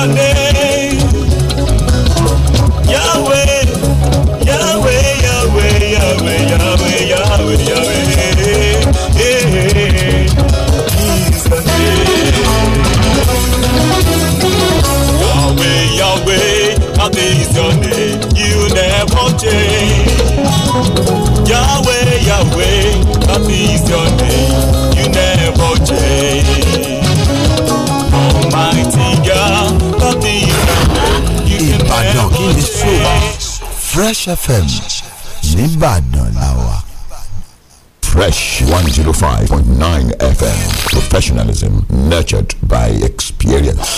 Yahweh, Yahweh, Yahweh, Yahweh, Yahweh, Yahweh, Yahweh. Hey, He's the name. Yahweh, Yahweh, that is your name. You never change. Yahweh, Yahweh, that is your name. You never change. Fresh FM nìbàdàn la Fresh 105.9 FM professionalism nurtured by experience.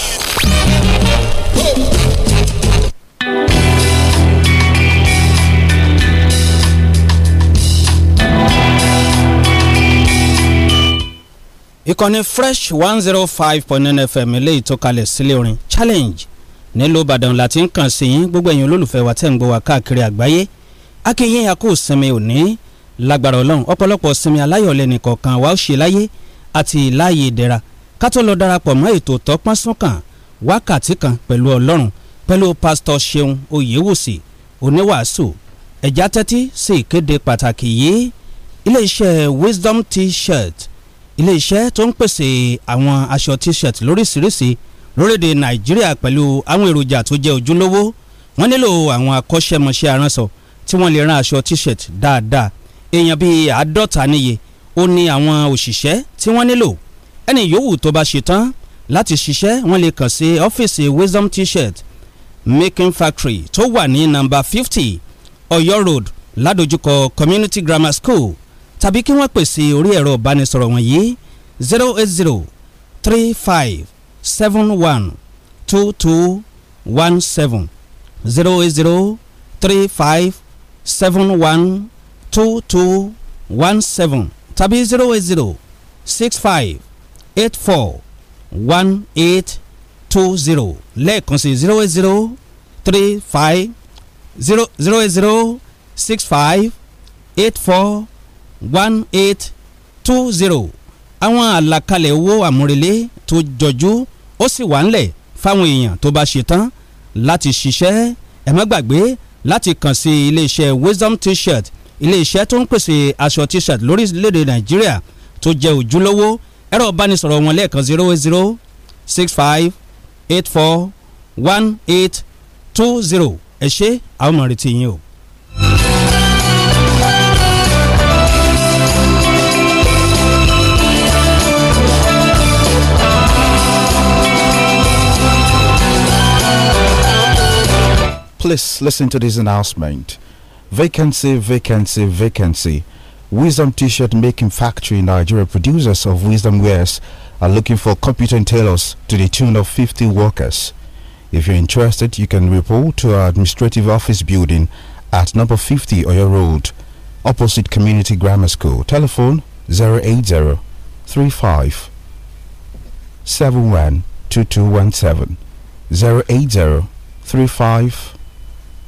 ìkànnì fresh one zero oh five point nine fm eléyìí tó kalẹ̀ sílé orin challenge nílùú ìbàdàn láti ń kàn sí yín gbogbo ẹ̀yin olólùfẹ́ wa tẹ̀ ń gbọ́ wa káàkiri àgbáyé akínyìn akó sinmi òní lágbára ọlọ́run ọ̀pọ̀lọpọ̀ sinmi aláyọ̀lẹ̀ nìkọ̀ọ̀kan wa ó ṣe láyé àti láàyè ìdẹ̀ra ká tó lọ darapọ̀ mọ́ ètò tọ́pọ́n sọ́kàn wákàtí kan pẹ̀lú ọlọ́run pẹ̀lú pásítọ̀ ṣeun oyèwòsì oníwàásù ẹ̀já tẹ́tí sí ìkéde pàtàkì yìí iléeṣẹ́ wisdom t-shirt iléeṣẹ́ tó ń pèsè àwọn aṣọ t-shirt lóríṣiríṣi lórílẹ̀‐èdè nàìjíríà pẹ̀lú àwọn èròjà tó jẹ́ ojúlówó wọ́n nílò àwọn akọ́ṣẹ́mọṣẹ́ aránṣọ tí wọ́n lè rán aṣọ t-shirt dáadáa èèyàn bíi àádọ́ta níye ó ní àwọn òṣìṣẹ́ tí wọ́n nílò ẹni yòówù tó bá ṣetán láti ṣiṣẹ́ wọ́n lè kàn sí ọ́fíìsì Wisdom t-shirt making factory tó wà ní nọ́mbà fifty Ọ̀yọ́ road ládojúkọ community grammar school tàbí kí wọ́n pèsè orí ẹ̀rọ ìbánisọ̀rọ̀ wọ̀nyí zero eight zero three five seven one two two one seven zero eight zero three five seven one two two one seven tàbí zero eight zero six five eight four one eight two zero lẹ́ẹ̀kan sí zero eight zero three five zero zero eight zero six five eight four one eight two zero àwọn àlàkalẹ̀ owó àmúrelé tó jọjú ó sì wà ńlẹ̀ fáwọn èèyàn tó bá ṣe tán láti ṣiṣẹ́ ẹ má gbàgbé láti kàn sí iléeṣẹ́ Wisdom t-shirt iléeṣẹ́ tó ń pèsè aṣọ t-shirt lórílẹ̀‐èdè Nàìjíríà tó jẹ́ ojúlówó ẹ̀rọ ìbánisọ̀rọ̀ wọn lẹ́ẹ̀kan zero eight zero six five eight four one eight two zero ẹ ṣé àwọn ọmọ rẹ ti yín o. Please listen to this announcement. Vacancy, vacancy, vacancy. Wisdom T-shirt making factory in Nigeria producers of wisdom wares are looking for competent tailors to the tune of 50 workers. If you're interested, you can report to our administrative office building at number 50 Oyo Road, opposite Community Grammar School. Telephone 080 35 71 2217 080 35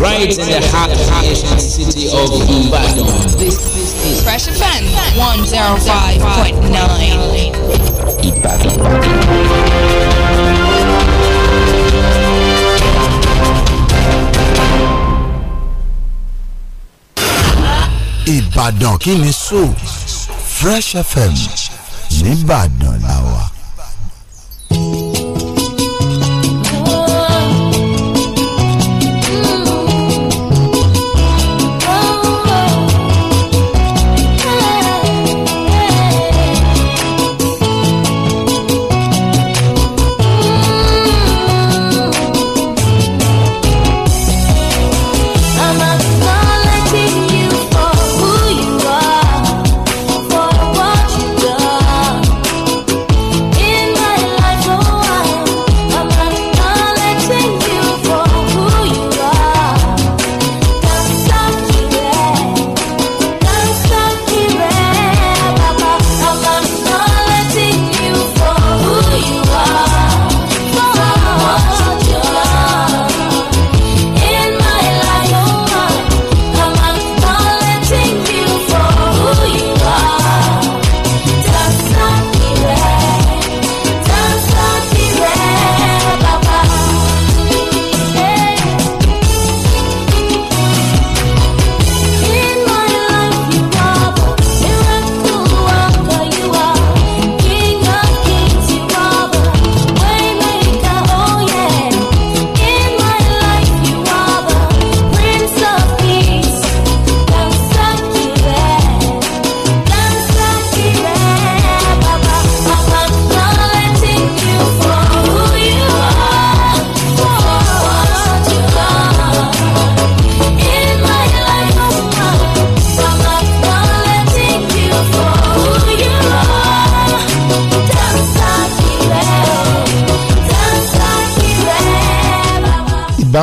right in the heart of the city of Ibadan. This is Fresh Offense 105.9 Ibadan. Ìbàdàn kí sọ Fresh FM nìbàdàn làwà.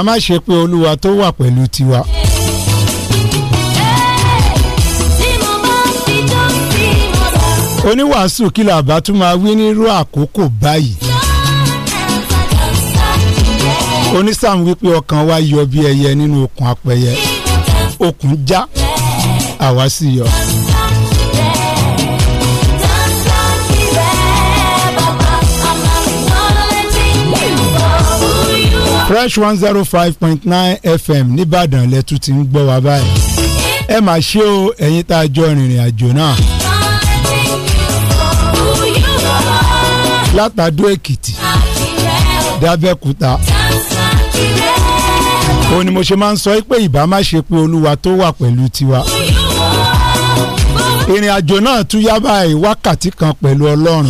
má ṣe pé olúwa tó wà pẹ̀lú tiwa. oníwàásù kìlọ̀ àbá tún máa wí nírú àkókò báyìí. onísàm wípé ọkàn wa yọ bí ẹyẹ nínú okùn apẹyẹ okùn já àwa sì yọ. fresh one zero oh five point nine fm nìbàdàn lẹ́tún ti ń gbọ́ wa báyìí ẹ mà ṣe o ẹ̀yin tá a jọ rìnrìn àjò náà látàdó èkìtì dábẹ́kúta ó ní mo ṣe máa ń sọ pé ìbá má ṣe pé olúwa tó wà pẹ̀lú tiwa ìrìn àjò náà tún yá báyìí wákàtí kan pẹ̀lú ọlọ́run.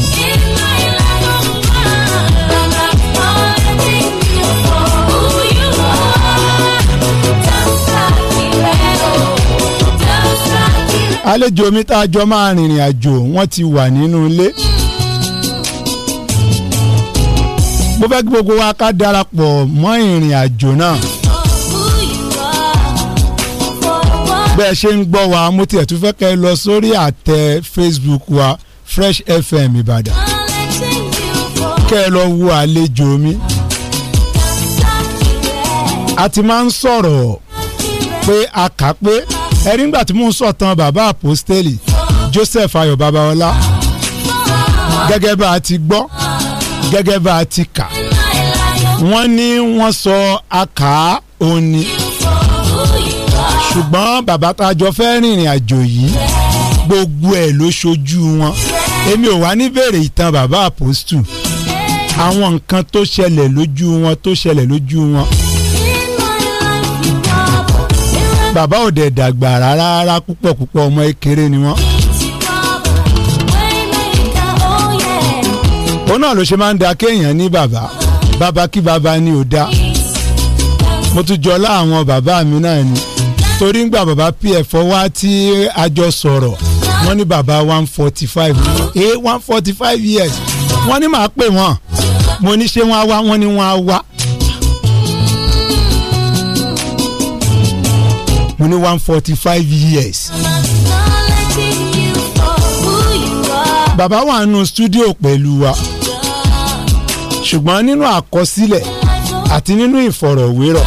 àlejò mi tá a jọ máa rìnrìn àjò wọ́n ti wà nínú ilé. mo fẹ́ kí gbogbo wa ká darapọ̀ mọ́ ìrìn àjò náà. bẹ́ẹ̀ ṣe ń gbọ́ wa mo tiẹ̀ tún fẹ́ kẹ́ lọ sórí àtẹ Facebook wa Fresh FM Ìbàdàn kẹ́ ẹ lọ wo àlejò mi. a ti máa ń sọ̀rọ̀ pé a kà pé ẹ̀rí ńgbà tí mò ń sọ̀tàn bàbá àpòstélì Joseph Ayọ̀ Babaọlá gẹ́gẹ́ bá a ti gbọ́ gẹ́gẹ́ bá a ti kà wọ́n ní wọ́n sọ akà òní ṣùgbọ́n bàbá tá a jọ fẹ́ rìnrìn àjò yìí gbogbo ẹ̀ ló ṣojú wọn èmi ò wá ní bèrè ìtàn bàbá àpòstù àwọn nǹkan tó ṣẹlẹ̀ lójú wọn tó ṣẹlẹ̀ lójú wọn bàbá ò dẹ̀ dàgbà rárá púpọ̀ púpọ̀ ọmọ kékeré ni wọ́n. òun náà ló ṣe máa ń da kéèyàn ní bàbá bàbá kí bàbá ni ò da mo tún jọ lá bàbá mi náà ni torí ń gba bàbá pf wá tí a jọ sọ̀rọ̀ wọ́n ní bàbá one forty five eh one forty five years wọ́n ní màá pè wọ́n mo ní ṣé wọ́n á wá wọ́n ní wọ́n á wá mo ní one forty five years. bàbá wa nù stúdíò pẹ̀lú wa ṣùgbọ́n nínú àkọsílẹ̀ àti nínú ìfọ̀rọ̀wérọ̀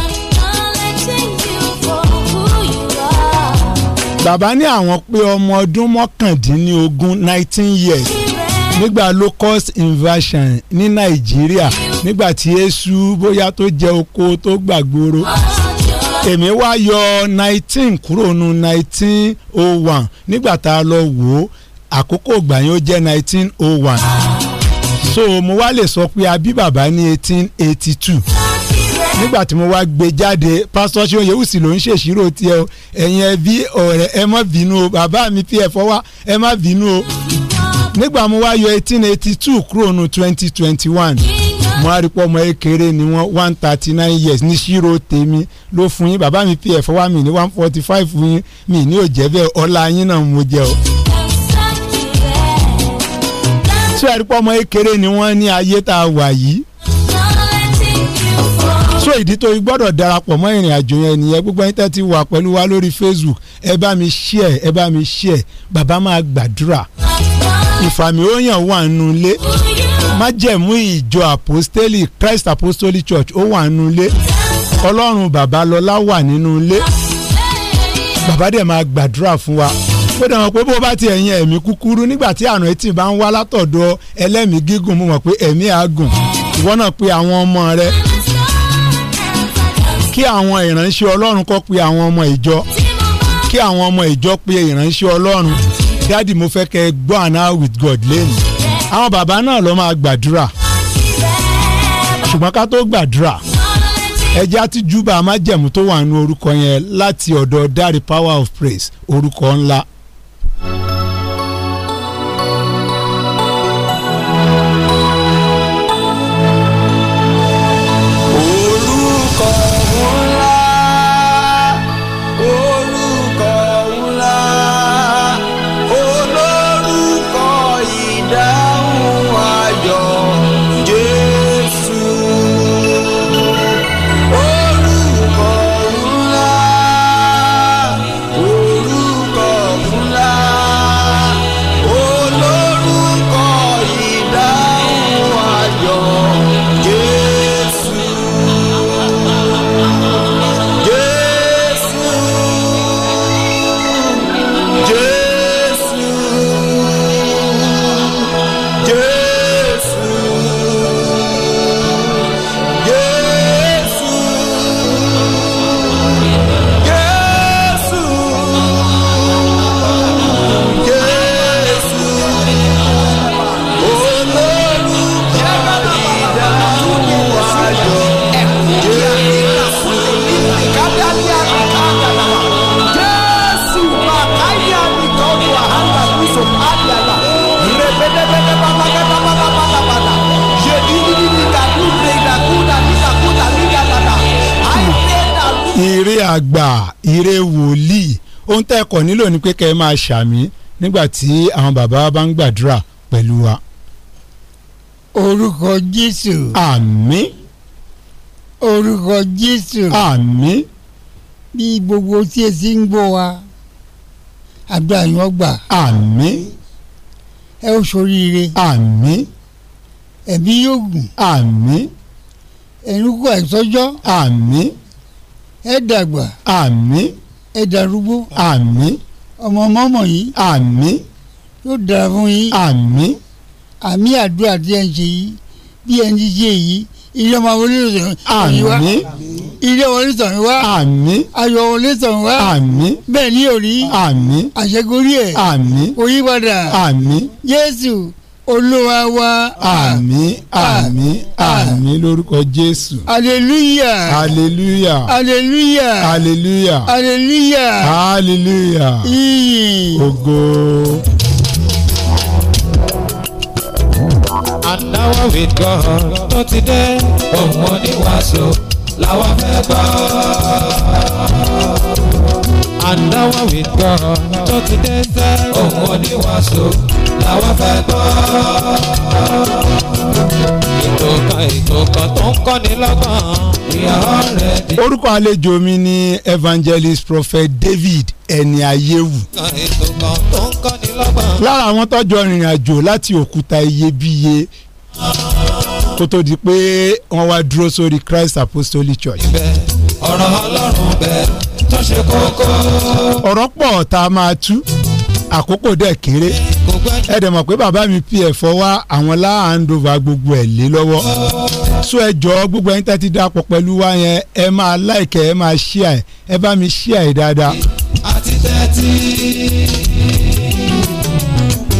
bàbá ní àwọn pé ọmọ ọdún mọ́kàndínlógún nineteen years nígbà low cost inversion ní nàìjíríà nígbà tí esu bóyá tó jẹ oko tó gbàgbóró èmi wá yọ nineteen kúrò nu nineteen oh one nígbà tá a lọ wò ó àkókò ìgbà yẹn ó jẹ́ nineteen oh one so mo wá lè sọ pé a bí bàbá ní eighteen eighty two nígbà tí mo wá gbé jáde pásítọ̀ ṣé oyè òsì ló ń ṣèṣirò tiẹ̀ o ẹ̀yin ẹbí ọ̀rẹ́ ẹ má bínú o bàbá mi pf wá ẹ má bínú o nígbà mo wá yọ eighteen eighty two kúrò nu twenty twenty one mo á rí pọ́ ọmọ kékeré ni wọ́n one thirty nine years ní ṣírò tèmi ló fún yín bàbá mi fi ẹ̀fọ́ wá mi ní one forty five fún yín mi ní òjẹ́ bẹ́ẹ̀ ọlá yín náà mo jẹ o. ṣé ẹ rí pọ́ ọmọ kékeré ni wọ́n ní ayé tá a wà yìí so ìdí tó gbọ́dọ̀ darapọ̀ mọ́ ìrìn àjò yẹn nìyẹn gbogbo ẹni tẹ́ ti wà pẹ̀lú wa lórí Facebook ẹ bá mi share ẹ bá mi share bàbá máa gbàdúrà ìfàmì ó yàn wà nù lé májẹ̀mú ìjọ apostoli Christ Apostolic Church ó wà nínú ilé ọlọ́run babalọ́lá wà nínú ilé bàbá dẹ̀ máa gbàdúrà fún wa ó dẹ̀ mọ̀ pé bó bá ti ẹ̀yin ẹ̀mí kúkúrú nígbà tí àrùn etí bá ń wá látọ̀dọ̀ ẹlẹ́mìí gígùn mo mọ̀ pé ẹ̀mí àgùn ìwọ náà pe àwọn ọmọ rẹ kí àwọn ìránṣẹ́ ọlọ́run kọ́ pe àwọn ọmọ ìjọ kí àwọn ọmọ ìjọ pe ìránṣẹ́ ọlọ́run dáàdì mo fẹ́ kẹ́ gbọ́ àná with God lẹ́nu àwọn bàbá náà ló máa gbàdúrà ṣùgbọ́n ká tó gbàdúrà ẹjẹ́ àti júbà amájẹ̀mú tó wà nínú orúkọ yẹn láti ọ̀dọ̀ Daddy Power of Praise orúkọ ńlá. náà ni pé kẹ́ ẹ máa ṣàmì nígbà tí àwọn bàbá bá ń gbàdúrà pẹ̀lú wa. orúkọ jésù. àmín. orúkọ jésù. àmín. bí gbogbo tí ẹ ti ń gbọ́ wa àdúrà yín ọgbà. àmín. ẹ ó ṣoríire. àmín. ẹ̀mí yóò gùn. àmín. ẹnu kọ àìsọjọ́. àmín. ẹ dàgbà. àmín. ẹ dàrúgbó. àmín ọmọ mọ́mọ́ yìí. àmín. yóò dára fún yín. àmín. àmì àdúrà tí ẹ ń ṣe yìí bí ẹ ń jíjẹ yìí ilé ọmọ onítọ̀hún yìí wá. àmín. ilé ọmọ onítọ̀hún yìí wá. àmín. ayọ̀ ọmọ onítọ̀hún wá. àmín. bẹ́ẹ̀ ni yóò rí. àmín. àṣegorí ẹ̀. àmín. oyípadà. àmín. Jésù olúwa wa. àmín àmín ah. àmín lórúkọ jésù. hallelujah hallelujah hallelujah hallelujah hallelujah hallelujah Ogo. ògo. àdáwọ̀ with God tó ti dé òun oníwàásù làwọn fẹ́ gbọ́. àdáwọ̀ with God tó ti dé sẹ́ òun oníwàásù làwọn fẹ́ gbọ́. ètò kan ètò kan tó ń kọ́ni lọ́gbọ̀n ìyàwó rẹ̀ dé. orúkọ àlejò mi ni evangelist prophet David ẹni ayéwu. ètò kan tó ń kọ́ni lọ́gbọ̀n. lára àwọn tọ́jú ìrìn àjò láti òkúta iyebíye kó tó di pé wọ́n wá dúró sórí Christ Apostolic Church. ibẹ̀ ọ̀rọ̀ Ọlọ́run bẹ̀ tó ṣe kókó. ọ̀rọ̀ pọ̀ tá a máa tú àkókò dẹ̀ kéré ẹ dẹ̀ mọ̀ pé bàbá mi pf wá àwọn láàndóva gbogbo ẹ̀ lé lọ́wọ́ so ẹ jọ gbogbo ẹ̀yin tẹ́ dapọ̀ pẹ̀lú wa yẹn ẹ máa láìkẹ́ ẹ máa ṣíà ẹ ẹ bá mi ṣíà ẹ dáadáa. àti tẹ́tí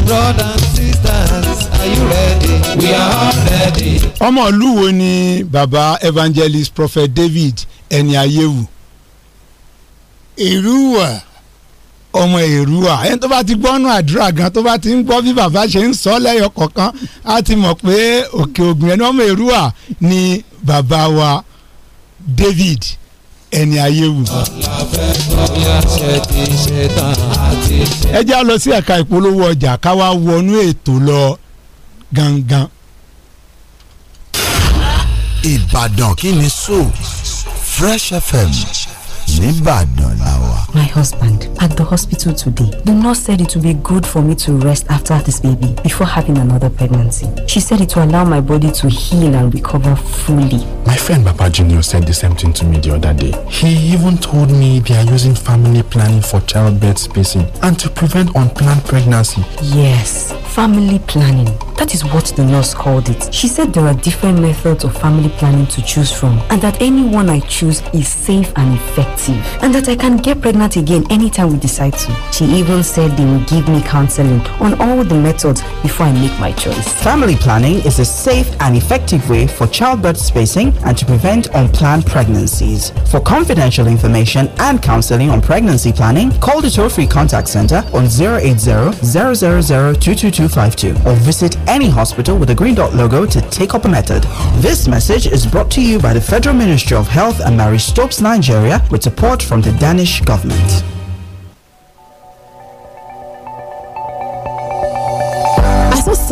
brothers and sisters are you ready we are all ready. ọmọ ìlú wo ni bàbá evangelist prophet david ẹni ayéwu. ìlú wà ọmọ èrúwà ẹni tó bá ti gbọ́nú àdúrà gan tó bá ti ń gbọ́ bí bàbá ṣe ń sọ lẹ́yọ̀ kọ̀ọ̀kan á ti mọ̀ pé òkè ògùn ẹni ọmọ èrúwà ni bàbá wa David ẹni ayéwu. ẹ já lọ sí ẹ̀ka ìpolówó ọjà ká wá wọnú ètò lọ gangan. Ìbàdàn kí ni so Fresh FM My husband, at the hospital today, the nurse said it would be good for me to rest after this baby before having another pregnancy. She said it will allow my body to heal and recover fully. My friend Papa Junior said the same thing to me the other day. He even told me they are using family planning for childbirth spacing and to prevent unplanned pregnancy. Yes, family planning. That is what the nurse called it. She said there are different methods of family planning to choose from and that any one I choose is safe and effective active and that I can get pregnant again anytime we decide to. She even said they will give me counseling on all the methods before I make my choice. Family planning is a safe and effective way for childbirth spacing and to prevent unplanned pregnancies. For confidential information and counseling on pregnancy planning, call the toll-free contact center on 80 0 or visit any hospital with a green dot logo to take up a method. This message is brought to you by the Federal Ministry of Health and Mary Stopes Nigeria with support from the Danish government.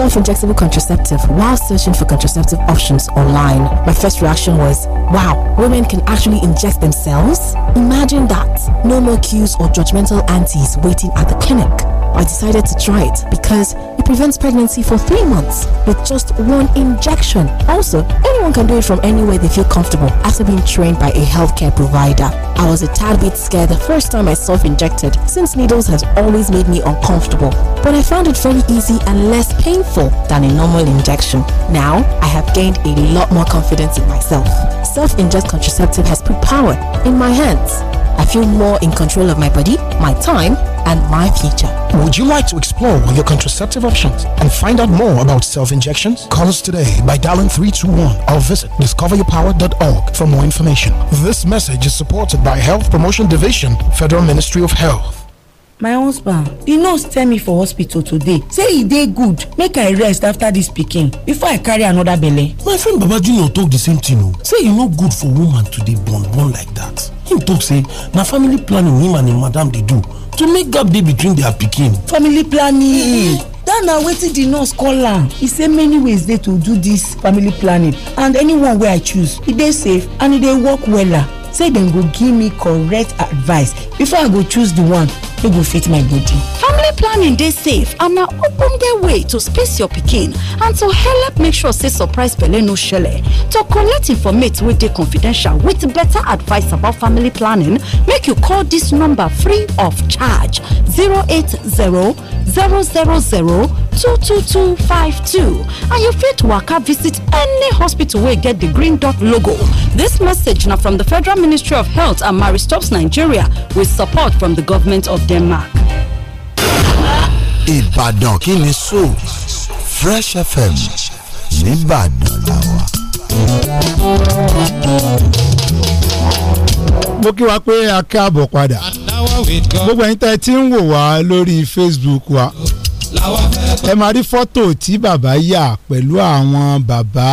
self-injectable contraceptive while searching for contraceptive options online. My first reaction was, wow, women can actually inject themselves? Imagine that. No more cues or judgmental aunties waiting at the clinic. I decided to try it because it prevents pregnancy for three months with just one injection. Also, anyone can do it from anywhere they feel comfortable after being trained by a healthcare provider. I was a tad bit scared the first time I self injected since needles has always made me uncomfortable, but I found it very easy and less painful than a normal injection. Now, I have gained a lot more confidence in myself. Self inject contraceptive has put power in my hands. I feel more in control of my body, my time, and my future. Would you like to explore your contraceptive options and find out more about self injections? Call us today by dialing 321 or visit discoveryourpower.org for more information. This message is supported by Health Promotion Division, Federal Ministry of Health. my husband the nurse tell me for hospital today say he day good make i rest after this speaking before i carry another belly. my friend baba junior talk the same thing oh. say you no good for woman to be born born like that him talk say na family planning him and him madam dey do to make gap dey between their pikin. family planning. dat mm-hmm. na wetin di nurse call am e say many ways dey to do dis family planning and anyone wey i choose e dey safe and e dey work wella say dem go give me correct advice before i go choose di one no go fit my body. family planning dey safe and na ogbonge way to space your pikin and to helep make sure say surprise belle no shele to collect informate wey dey confidential with better advice about family planning make you call this number free of charge 080 000 22252 and you fit waka visit any hospital wey get the green dot logo This message na from the federal ministry of health and marie stops nigeria with support from the government of Denmark. Ìbàdàn kí ni so Fresh FM nìbàdàn làwà. mo kí wa pé a káàbọ̀ padà gbogbo ẹ̀yin tẹ́ ẹ ti ń wò wá lórí Facebook wa ẹ máa rí fọ́tò tí bàbá yà pẹ̀lú àwọn bàbá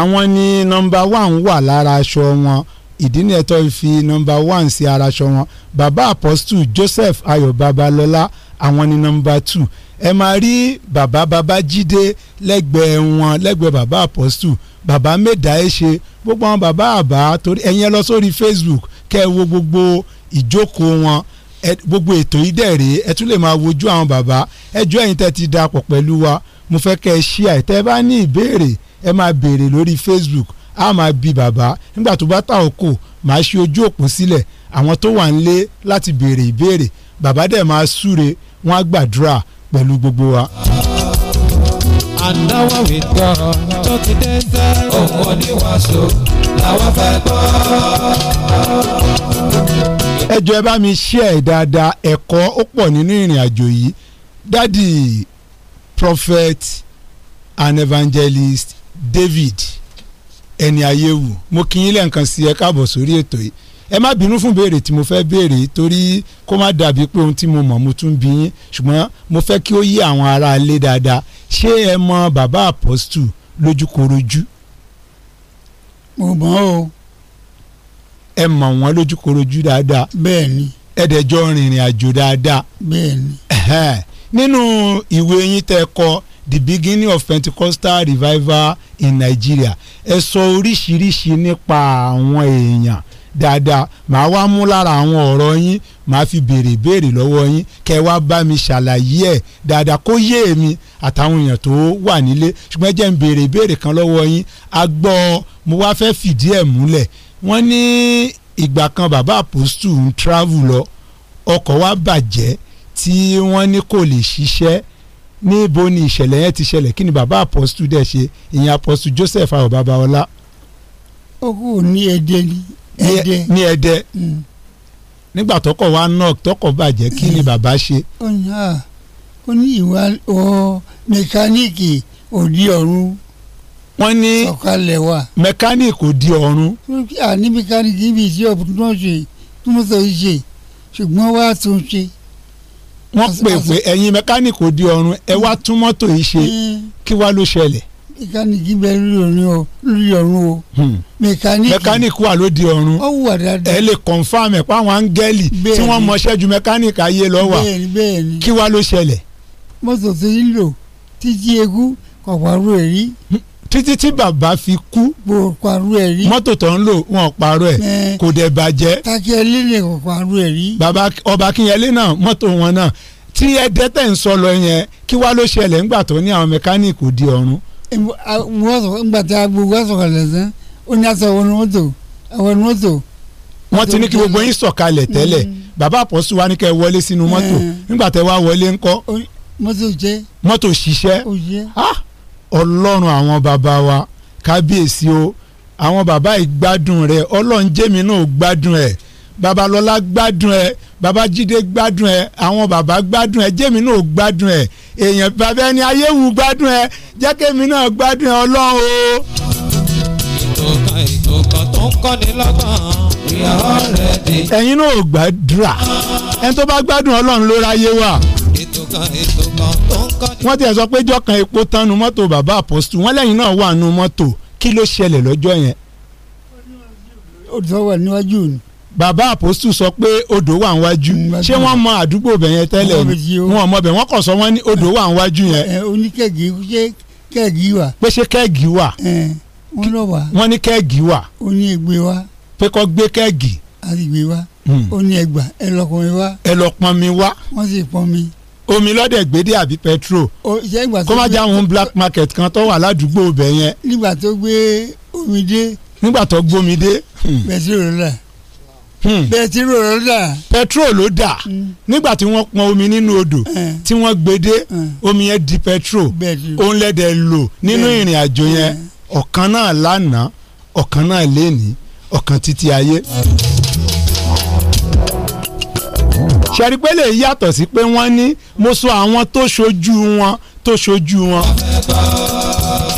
àwọn ni nọ́mbà one wà lára aṣọ wọn ìdí ni ẹ̀tọ́ fi nọ́mbà one sí araṣọ wọn bàbá apostle Joseph Ayọ̀ Babalọ́lá àwọn ni nọ́mbà two ẹ máa rí bàbá Babájídé lẹ́gbẹ̀ẹ́ wọn lẹ́gbẹ̀ẹ́ bàbá apostle bàbá mẹ́ta ẹ̀ ṣe gbogbo àwọn bàbá àbá torí ẹ̀yin lọ sórí Facebook kẹ́ ẹ wo gbogbo ìjókòó wọn gbogbo ètò yìí dẹ̀ rèé ẹ tún lè máa wojú àwọn bàbá ẹ jọ ẹ̀yin tẹ́ ti dapọ̀ pẹ̀lú wa mo fẹ́ kẹ́ ẹ ṣí àìtẹ́ bá ní ìbéèrè ẹ máa béèrè lórí Facebook a máa bi bàbá nígbà tó bá ta oko màá ṣe ojú òpó sílẹ̀ àwọn tó wà nílé láti béèrè ìbéèrè bàbá dẹ̀ máa súre wọ́n á gbàdúrà pẹ̀lú gbogbo wa. àdáwọ̀ wìtọ́ tó ti dé sẹ́ òun oníwàásù làwọn fẹ́ gbọ́. ẹ ẹ bá mi ṣe ẹ̀ dáadáa ẹ̀kọ́ ó pọ̀ nínú ìrìn àjò yìí dádì prophet and evangelist David ẹni ayé wù mo kí yín lẹ́ǹkan sí ẹ káàbọ̀ sórí ètò yìí ẹ má bínú fún béèrè tí mo fẹ́ béèrè torí kó má dàbí pé ohun tí mo mọ̀ mo tún bí yín ṣùgbọ́n mo fẹ́ kí ó yé àwọn ará ilé dáadáa ṣé ẹ mọ bàbá àpọ́stù lójúkorojú. mo mọ̀ ọ́. ẹ mọ̀ wọ́n lójúkorojú dáadáa. bẹ́ẹ̀ ni. ẹ dẹ̀ jọ rìnrìn àjò dáadáa. bẹ́ẹ̀ ni. nínú ìwé yín tẹ́ kọ the beginning of Pentecostal revival in Nigeria ẹ sọ oríṣiríṣi nípa àwọn èèyàn dáadáa màá wá mú lára àwọn ọ̀rọ̀ yín màá fi béèrè béèrè lọ́wọ́ yín kẹ́ ẹ wá bá mi ṣàlàyé ẹ̀ dáadáa kó yé èmi àtàwọn èèyàn tó wà nílé ṣùgbọ́n jẹ́ n béèrè béèrè kan lọ́wọ́ yín a gbọ́ mo wá fẹ́ fìdí ẹ̀ múlẹ̀ wọ́n ní ìgbà kan bàbá àpòstù ń travel lọ ọkọ̀ wa bàjẹ́ tí wọ́n ní kò lè ṣiṣẹ́ níbo ni ìṣẹ̀lẹ̀ yẹn ti ṣẹlẹ̀ kí ni bàbá apọ́sítù dẹ̀ ṣe ìyẹn apọ́sítù Joseph Ayọ̀ Babalọ́lá. ó kù ní ẹdẹ ní ẹdẹ. ní hmm. ẹdẹ nígbà tọkọ wa náà tọkọ bàjẹ́ kí ni bàbá ṣe. ó ní ah, ìwà ọ mẹkáníìkì òdi ọ̀run. wọ́n ní sọ̀kalẹ̀ wa. mẹkáníìkì òdi ọ̀run. a ní mẹkáníìkì ah, ibi ìṣe ọ̀pọ̀ tó ń ṣe tó ń sọ ṣe ṣùgbọ́n wàá tún ṣe wọ́n pè pé ẹ̀yin mẹkáníìkì òdi ọ̀run ẹ wá tún mọ́tò yìí ṣe hmm. kí wá ló ṣẹlẹ̀. mẹkáníìkì bẹ lórí ọ̀run o hmm. mẹkáníìkì mẹkáníìkì wà lóde ọ̀run ó wà dáadáa ẹ lè confam ẹ̀ pàwọn áńgẹ́lì tí wọ́n mọṣẹ́ ju mẹkáníìkì ayé lọ wà kí wá ló ṣẹlẹ̀. mọ́tò tó yín lò títí egú kọ̀ọ̀pọ̀ àrùn èrí hmm títí tí bàbá fi kú mọ́tò tó ń lò wọn ò parọ́ ẹ̀ kò dẹ̀ bàjẹ́. takíyẹlé lè kò parọ́ ẹ̀ rí. bàbá ọba kíyẹlé náà mọ́tò wọn náà tí ẹdẹ tẹ̀ ń sọ lọ yẹn kí wàá ló ṣẹlẹ̀ ńgbà tó ní àwọn mẹkáníìkì ò di ọ̀run. ńgbà tí a gbogbo sọ̀kalẹ̀ tán ó ní aṣọ àwọn mọ́tò àwọn mọ́tò wọ́n ti ní kí gbogbo yín sọ̀kalẹ̀ tẹ́lẹ̀ mm. bàbá àpọ̀sù wa ní kẹ́ ẹ wọlé sínú mọ́tò nígbà eh. tẹ́ wá wọlé ńkọ́. mọ́tò jẹ́. mọ́tò ṣiṣẹ́. Ah! ọlọ́run àwọn bàbá wa kábíyèsí o àwọn bàbá ìgbádùn rẹ ọlọ́run jẹ́mi gbádùn ẹ̀ babalọ́lá gbádùn ẹ̀ babájídé gbádùn ẹ̀ àwọn bàbá gbádùn ẹ̀ jẹ́mi gbádùn ẹ̀ èèyàn bàbá ẹni ayéwu gbádùn ẹ̀ jẹ́kẹ́mi gbádùn ẹ̀ ọlọ́run o. ẹ̀yin náà gbàdúrà ẹni tó bá gbádùn ọlọ́run ló ráyé wà wọ́n ti ẹ̀ sọ pé jọ́kan epo tánu mọ́tò bàbá àpọ́sítù wọ́n lẹ́yìn náà wà nù mọ́tò kí ló ṣẹlẹ̀ lọ́jọ́ yẹn. odò wà níwájú ni. bàbá àpọ́sítù sọ pé odò wà níwájú ṣé wọ́n mọ àdúgbò bẹ̀ yẹn tẹ́lẹ̀ wọn mọ bẹ̀ wọ́n kàn sọ wọ́n ní odò wà níwájú yẹn. oníkẹ́gì ṣé kẹ́gì wà. pé ṣé kẹ́gì wà. wọ́n lọ wà. wọ́n ní kẹ́gì wà. ó ní ègbé wa. pé kọ́ gbé kẹ́gì. a ti gbé wa. Hmm. ó ní ẹgbà ẹ mi wá. ẹ mi wá. wọ́n sì pọn mi omi lọ́dẹ̀ gbédè àbí petrol kó má já àwọn black market kan tó wà ládùúgbò ibẹ̀ yẹn. nígbà tó gbé omi dé. nígbà tó gbómi dé. Hmm. Hmm. petrol ló dà. petrol ló dà. petrol ló dà nígbà tí wọ́n pọn omi nínú odò hmm. tí wọ́n gbédè omi yẹn di petrol òun lẹ́dẹ̀ lò nínú ìrìn àjò yẹn ọ̀kan náà lánàá ọ̀kan náà lénìí ọ̀kan títí ayé. Mm ṣẹ́rí pé lè yàtọ̀ sí pé wọ́n ní mo sọ àwọn tó ṣojú wọn tó ṣojú wọn.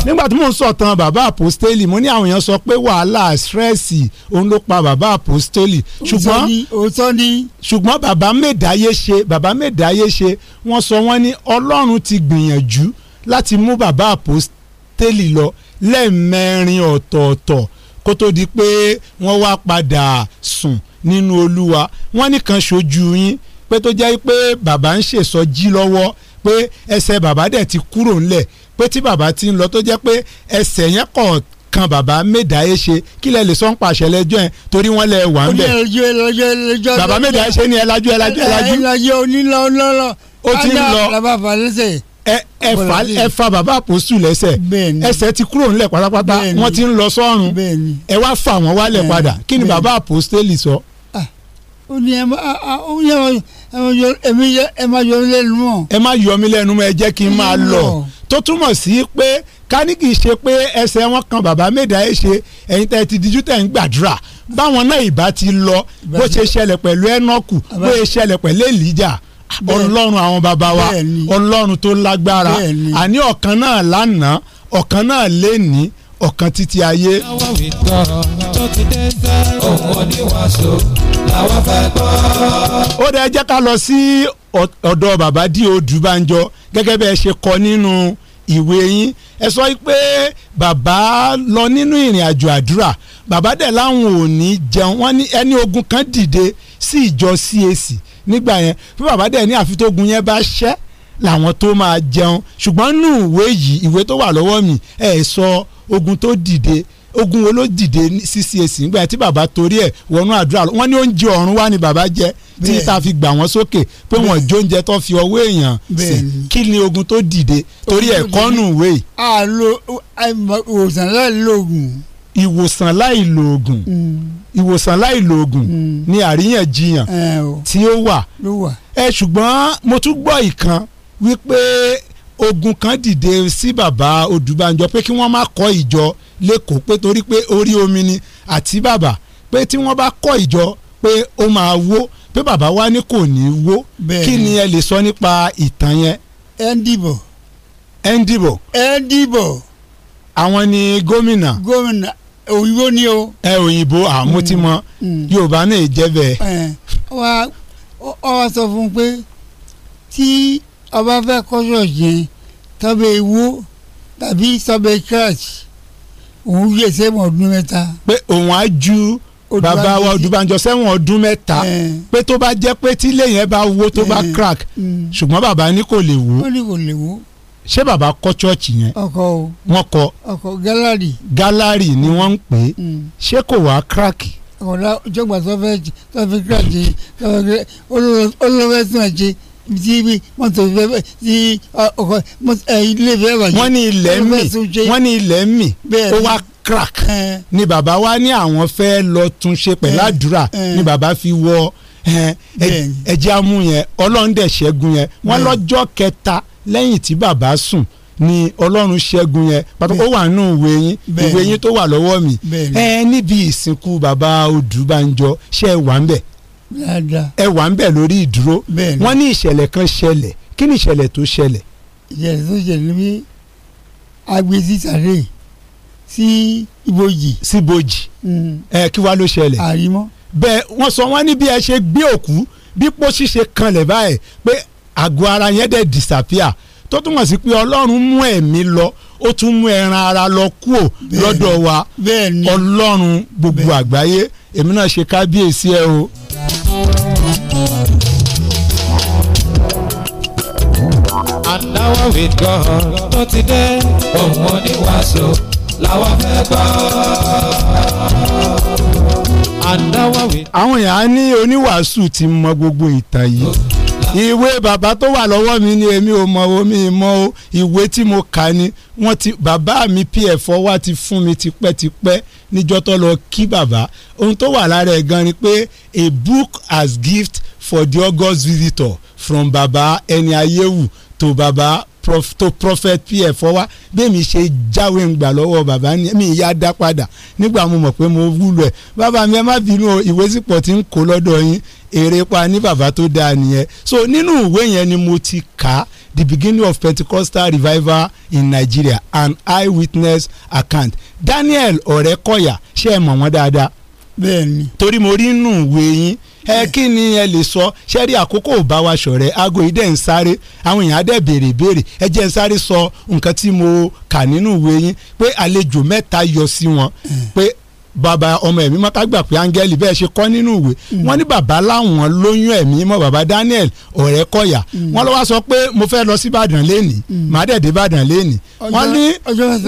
nígbà tí mò ń sọ̀tàn bàbá àpòstélì mo ní àwọn èèyàn sọ pé wàhálà sírẹ́ẹ̀sì òun ló pa bàbá àpòstélì. ṣùgbọ́n òótọ́ ni. ṣùgbọ́n bàbá mẹ́dáyé ṣe bàbá mẹ́dáyé ṣe wọ́n sọ wọ́n ní ọlọ́run ti gbìyànjú láti mú bàbá àpòstélì lọ lẹ́ẹ̀mẹrin ọ̀tọ̀ọ̀tọ̀ kó tó di pé wọ́n wá padà sùn nínú olúwa wọ́n nìkan ṣojú yín pé tó jẹ́ pé bàbá ń ṣèsọjí lọ́wọ́ pé ẹsẹ̀ bàbá dẹ̀ ti kúrò ńlẹ̀ pé tí bàbá ti ń lọ tó jẹ́ pé ẹsẹ̀ yẹn kọ̀ kan bàbá mẹ́dàáyé ṣe kí lẹ lè sọ ń pàṣẹ lẹ́jọ́ yẹn torí wọ́n lẹ wà ń bẹ̀. bàbá mẹ́dàáyé ṣe ni ẹ lajú ẹ lajú ẹ lajú. ẹ lajú onílọ́lọ́lọ́. ó ti ń lọ bàbá fà fa bàbá àpòsù lẹ́sẹ̀ ẹsẹ̀ ti kúrò ńlẹ̀ pátápátá wọ́n ti ń lọ sọ́run ẹ wá fà wọ́n wálẹ̀ padà kí ni bàbá àpòsù tẹ́lẹ̀ sọ. Ah, ó ní ẹ ah, ah, ẹ má yọ mí lẹ́nu mọ́. ẹ má yọ mí lẹ́nu mọ́ ẹ jẹ́ kí n máa lọ tó túmọ̀ sí pé káníkì ṣe pé ẹsẹ̀ wọn kan bàbá mẹ́ta ẹ ṣe ẹ̀yin tẹ́ ti díjú tẹ̀ ń gbàdúrà báwọn náà ìbá ti lọ bó ṣe ṣẹlẹ̀ pẹ̀lú ẹnọ́kù bó ṣe ṣẹlẹ̀ pẹ̀lú èlíjà ọlọ́run àwọn bàbá wa ọlọ́run tó lágbára àní ọ̀kan náà lánàá ọ̀kan náà lénìí ọ̀kan títí ayé. ti dé sẹ́ òun oníwàásù làwọn fẹ́ gbọ́. ó dẹ jẹ́ ká lọ sí ọ̀dọ̀ bàbá dí odù banjọ gẹ́gẹ́ bẹ́ẹ̀ ṣe kọ nínú ìwé yín ẹ sọ pé bàbá lọ nínú ìrìn àjò àdúrà bàbá dẹ̀ láwọn ò ní jẹun wọ́n ní ẹni ogun kan dìde sí ìjọ CAC nígbà yẹn fún bàbá dẹ̀ ní àfitógun yẹn bá ṣẹ́ làwọn tó máa jẹun ṣùgbọ́n nù ìwé yìí ìwé tó wà lọ́wọ́ mi ẹ̀ sọ ogun tó dìde ogun wo ló dìde ní ccac nígbà tí bàbá torí ẹ wọnú àdúrà wọn ní oúnjẹ ọ̀run wá ni bàbá jẹ tí ta fi gbà wọ́n sókè pé wọ́n jó oúnjẹ tó fi ọwọ́ èèyàn sí kí ni ogun tó dìde torí ẹ kọ́nù wé. ìwòsàn láì lóògùn. ìwòsàn láì lóògùn mm. ìwòsàn láì lóògùn mm. ni àríyànjiyàn tí ó wà ẹ ṣùgbọ́n mo tún gbọ́ ìkan wípé ogun kan dìde sí Baba Odùbánjọ pé kí wọ́n má kọ́ ìjọ lẹ́kọ̀ọ́ pé torí pé orí omi ni àti bàbá pé tí wọ́n bá kọ́ ìjọ pé ó máa wó pé bàbá wa ní kò ní wó kí ni ẹ lè sọ nípa ìtàn yẹn. ẹndìbò. ẹndìbò. ẹndìbò. àwọn ni gómìnà. gómìnà òyìnbó ni o. ẹ òyìnbó àmú ti mm, mọ mm. yorùbá náà jẹ bẹ́ẹ̀. wa ọ sọ fún un pé tí ọba fẹ́ kọ́ ṣọ́ọ̀ṣì yẹn tọ́bẹ̀ ewó tàbí tọ́bẹ̀ church òun yẹ sẹ́wọ̀n ọdún mẹ́ta. pé òun á ju bàbá wa Odùbànjọ sẹ́wọ̀n ọdún mẹ́ta pé tó bá jẹ́ pé tílé yẹn bá wó tó bá crack mm. ṣùgbọ́n bàbá ní kò lè wó. wọ́n ní kò lè wó ṣé bàbá kọ́ chọ́ọ̀chì yẹn. ọkọ o wọn kọ. ni mm. wọ́n ń pè é. Mm. ṣé kò wá kíráàkì. ọ̀la ìjọba tó fẹ́ tó fẹ́ kíráàkì tó tí wọ́n tó fẹ́ tí ọkọ ilé fẹ́ bàjẹ́. wọ́n ní ilẹ̀ ń mì wọ́n ní ilẹ̀ ń mì ó wá crack ni bàbá wa ní àwọn fẹ́ lọ tún ṣe pẹ̀lú àdúrà ni bàbá fi wọ ẹ̀jẹ̀ amú yẹn ọlọ́run dẹ̀ ṣẹ́gun yẹn wọ́n lọ́jọ́ kẹta lẹ́yìn tí bàbá sùn ni ọlọ́run ṣẹ́gun yẹn pàtó ó wà nù ìwé yín ìwé yín tó wà lọ́wọ́ mi ẹ níbi ìsìnkú bàbá Odùbanjọ ṣe wà ń bẹ̀ ẹ wà ń bẹ̀ lórí ìdúró wọ́n ní ìṣẹ̀lẹ̀ kan ṣẹlẹ̀ kí ni ìṣẹ̀lẹ̀ tó ṣẹlẹ̀. ìṣẹ̀lẹ̀ tó ṣẹlẹ̀ ní agbèsí sàrẹ́ sí ibojì. sí ibojì hmm. ẹ kí wàá ló ṣẹlẹ̀. àrímọ́. bẹ́ẹ̀ wọ́n sọ wọ́n ní bí ẹ ṣe gbé òkú bí pósí ṣe kanlẹ̀ báyìí pé àgọ́ ara yẹn dẹ̀ disappear tó túmọ̀ sí pé ọlọ́run mú ẹ̀mí lọ ó tún mú ẹran ara lọ kúò lọ́dọ̀ wa ọlọ́run gbogbo àgbáyé èmi náà ṣe kábíyèsí ẹ o. Adáwọ̀ with God tó ti dé. Òun oníwàásù làwọn fẹ́ gbọ́. Adáwọ̀ with. Àwọn èèyàn á ní oníwàásù ti mọ gbogbo ìtàn yìí ìwé bàbá tó wà lọ́wọ́ mi ni èmi ò mọ̀ omi mọ́ o ìwé tí mo kà ni wọ́n ti bàbá mi pf wá ti fún mi tipẹ́tipẹ́ níjọ́ tó lọ kí bàbá ohun tó wà lára ẹ̀ gan ni pé a book as gift for the august visitor from baba ẹni ayéwu to baba prof tó prophet pf wá bẹ́ẹ̀mi ṣe jáwé ń gbà Baba, bàbá mi ìyá dá padà nígbà mo mọ̀ pé mo wúlò ẹ̀ bàbá mi ẹ má bínú ìwé sípò tí ń kó lọ́dọ̀ yín èrè pa ní bàbá tó dáa nìyẹn so nínú ìwé yẹn ni mo ti kà the beginning of Pentecostal revival in Nigeria an eyewitness account Daniel Ọ̀rẹ́kọ̀yà ṣé ẹ mọ̀ wọ́n dáadáa. bẹ́ẹ̀ni. torí mo rí nù ìwé yín ẹ kí ni ẹ lè sọ ṣé rí àkókò ò bá wa ṣọ̀rẹ́ aago yìí dẹ̀ ń sáré àwọn èèyàn á dẹ̀ béèrè béèrè ẹ jẹ́ ń sáré sọ nǹkan tí mo kà nínú ìwé yín pé àlejò mẹ́ta yọ sí wọn pé bàbá ọmọ ẹ̀mí mọ́ gbà pé áńgẹ́lì bẹ́ẹ̀ ṣe kọ́ nínú ìwé wọ́n ní bàbá láwọn lóyún ẹ̀mí mọ́ bàbá Daniel ọ̀rẹ́ kọ̀yà wọ́n lọ́wọ́ sọ pé mo fẹ́ lọ sí Ìbàdàn lẹ́nìí màá dẹ̀ dé Ìbàdàn lẹ́nìí wọ́n ní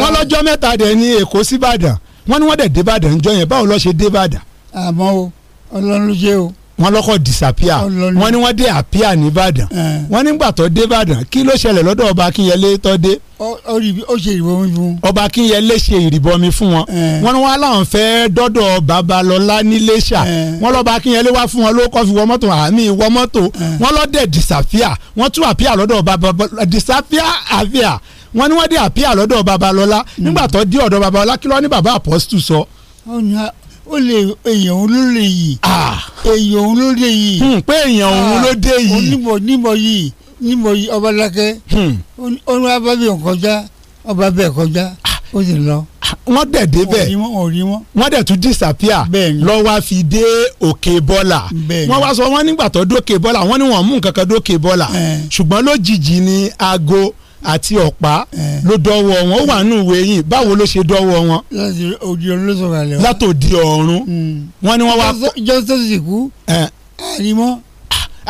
wọ́n lọ́jọ́ mẹ́ta dẹ̀ ní Èkó sí Ìbàdàn wọ́n ní wọ́n dẹ̀ dé Ìbàdàn jọ yẹn báwo ló ṣe dé Ìbàdàn. àmọ́ o Ọlọ́run ló jẹ́ o wọ́n lọ́kọ̀ disapia wọ́n ní wọ́n dé apia nìbàdàn wọ́n nígbà tó dé ìbàdàn kí ló ṣẹlẹ̀ lọ́dọ̀ ọba akínyẹlé tó dé. ó ṣe ìrìbọmi fún wọn. ọba akínyẹlé ṣe ìrìbọmi fún wọn. wọ́n ní wọ́n aláwọn fẹ́ dọ́dọ̀ babalọ́lá níléṣà wọ́n lọ́ba akínyẹlé wá fún wọn ló kọ́ fi wọ àmì wọ mọ́tò wọ́n lọ́ dẹ̀ disapia wọ́n tún apia lọ́dọ̀ babalọ́lá disapia apia wọ́n ní wọ́n dé apia lọ́dọ̀ babalọ́lá nígbà tó dé ọ̀dọ̀ babalọ́lá kí ló ní baba apostle So ó lè èèyàn òun ló lè yìí. èèyàn òun ló lè yìí. Hmm, pé èèyàn òun ló dé yìí. onímọ̀ nímọ̀ yìí nímọ̀ yìí ọba lákẹ́. ọ̀nà hmm. abábíyàn kọjá ọba bẹ́ẹ̀ kọjá ó sì lọ wọ́n dẹ̀ débẹ̀ wọ́n dẹ̀ tún disapia lọ́ wá fi dé òkè bọ́là wọ́n wá sọ wọ́n nígbà tó dókè bọ́là wọ́n ní wọ́n mú nǹkan kan dókè bọ́là ṣùgbọ́n lójijì ni aago àti ọ̀pá eh. ló dọ́wọ́ wọn ó wà nù ìwé yìí báwo ló ṣe dọ́wọ́ wọn. láti òdi ọ̀run ló sọ̀rọ̀ àlẹ́ wa. láti òdi ọ̀run. Hmm. wọ́n ní wọ́n wá. jọ́sítọ́ sì kú. Eh. àrímọ́.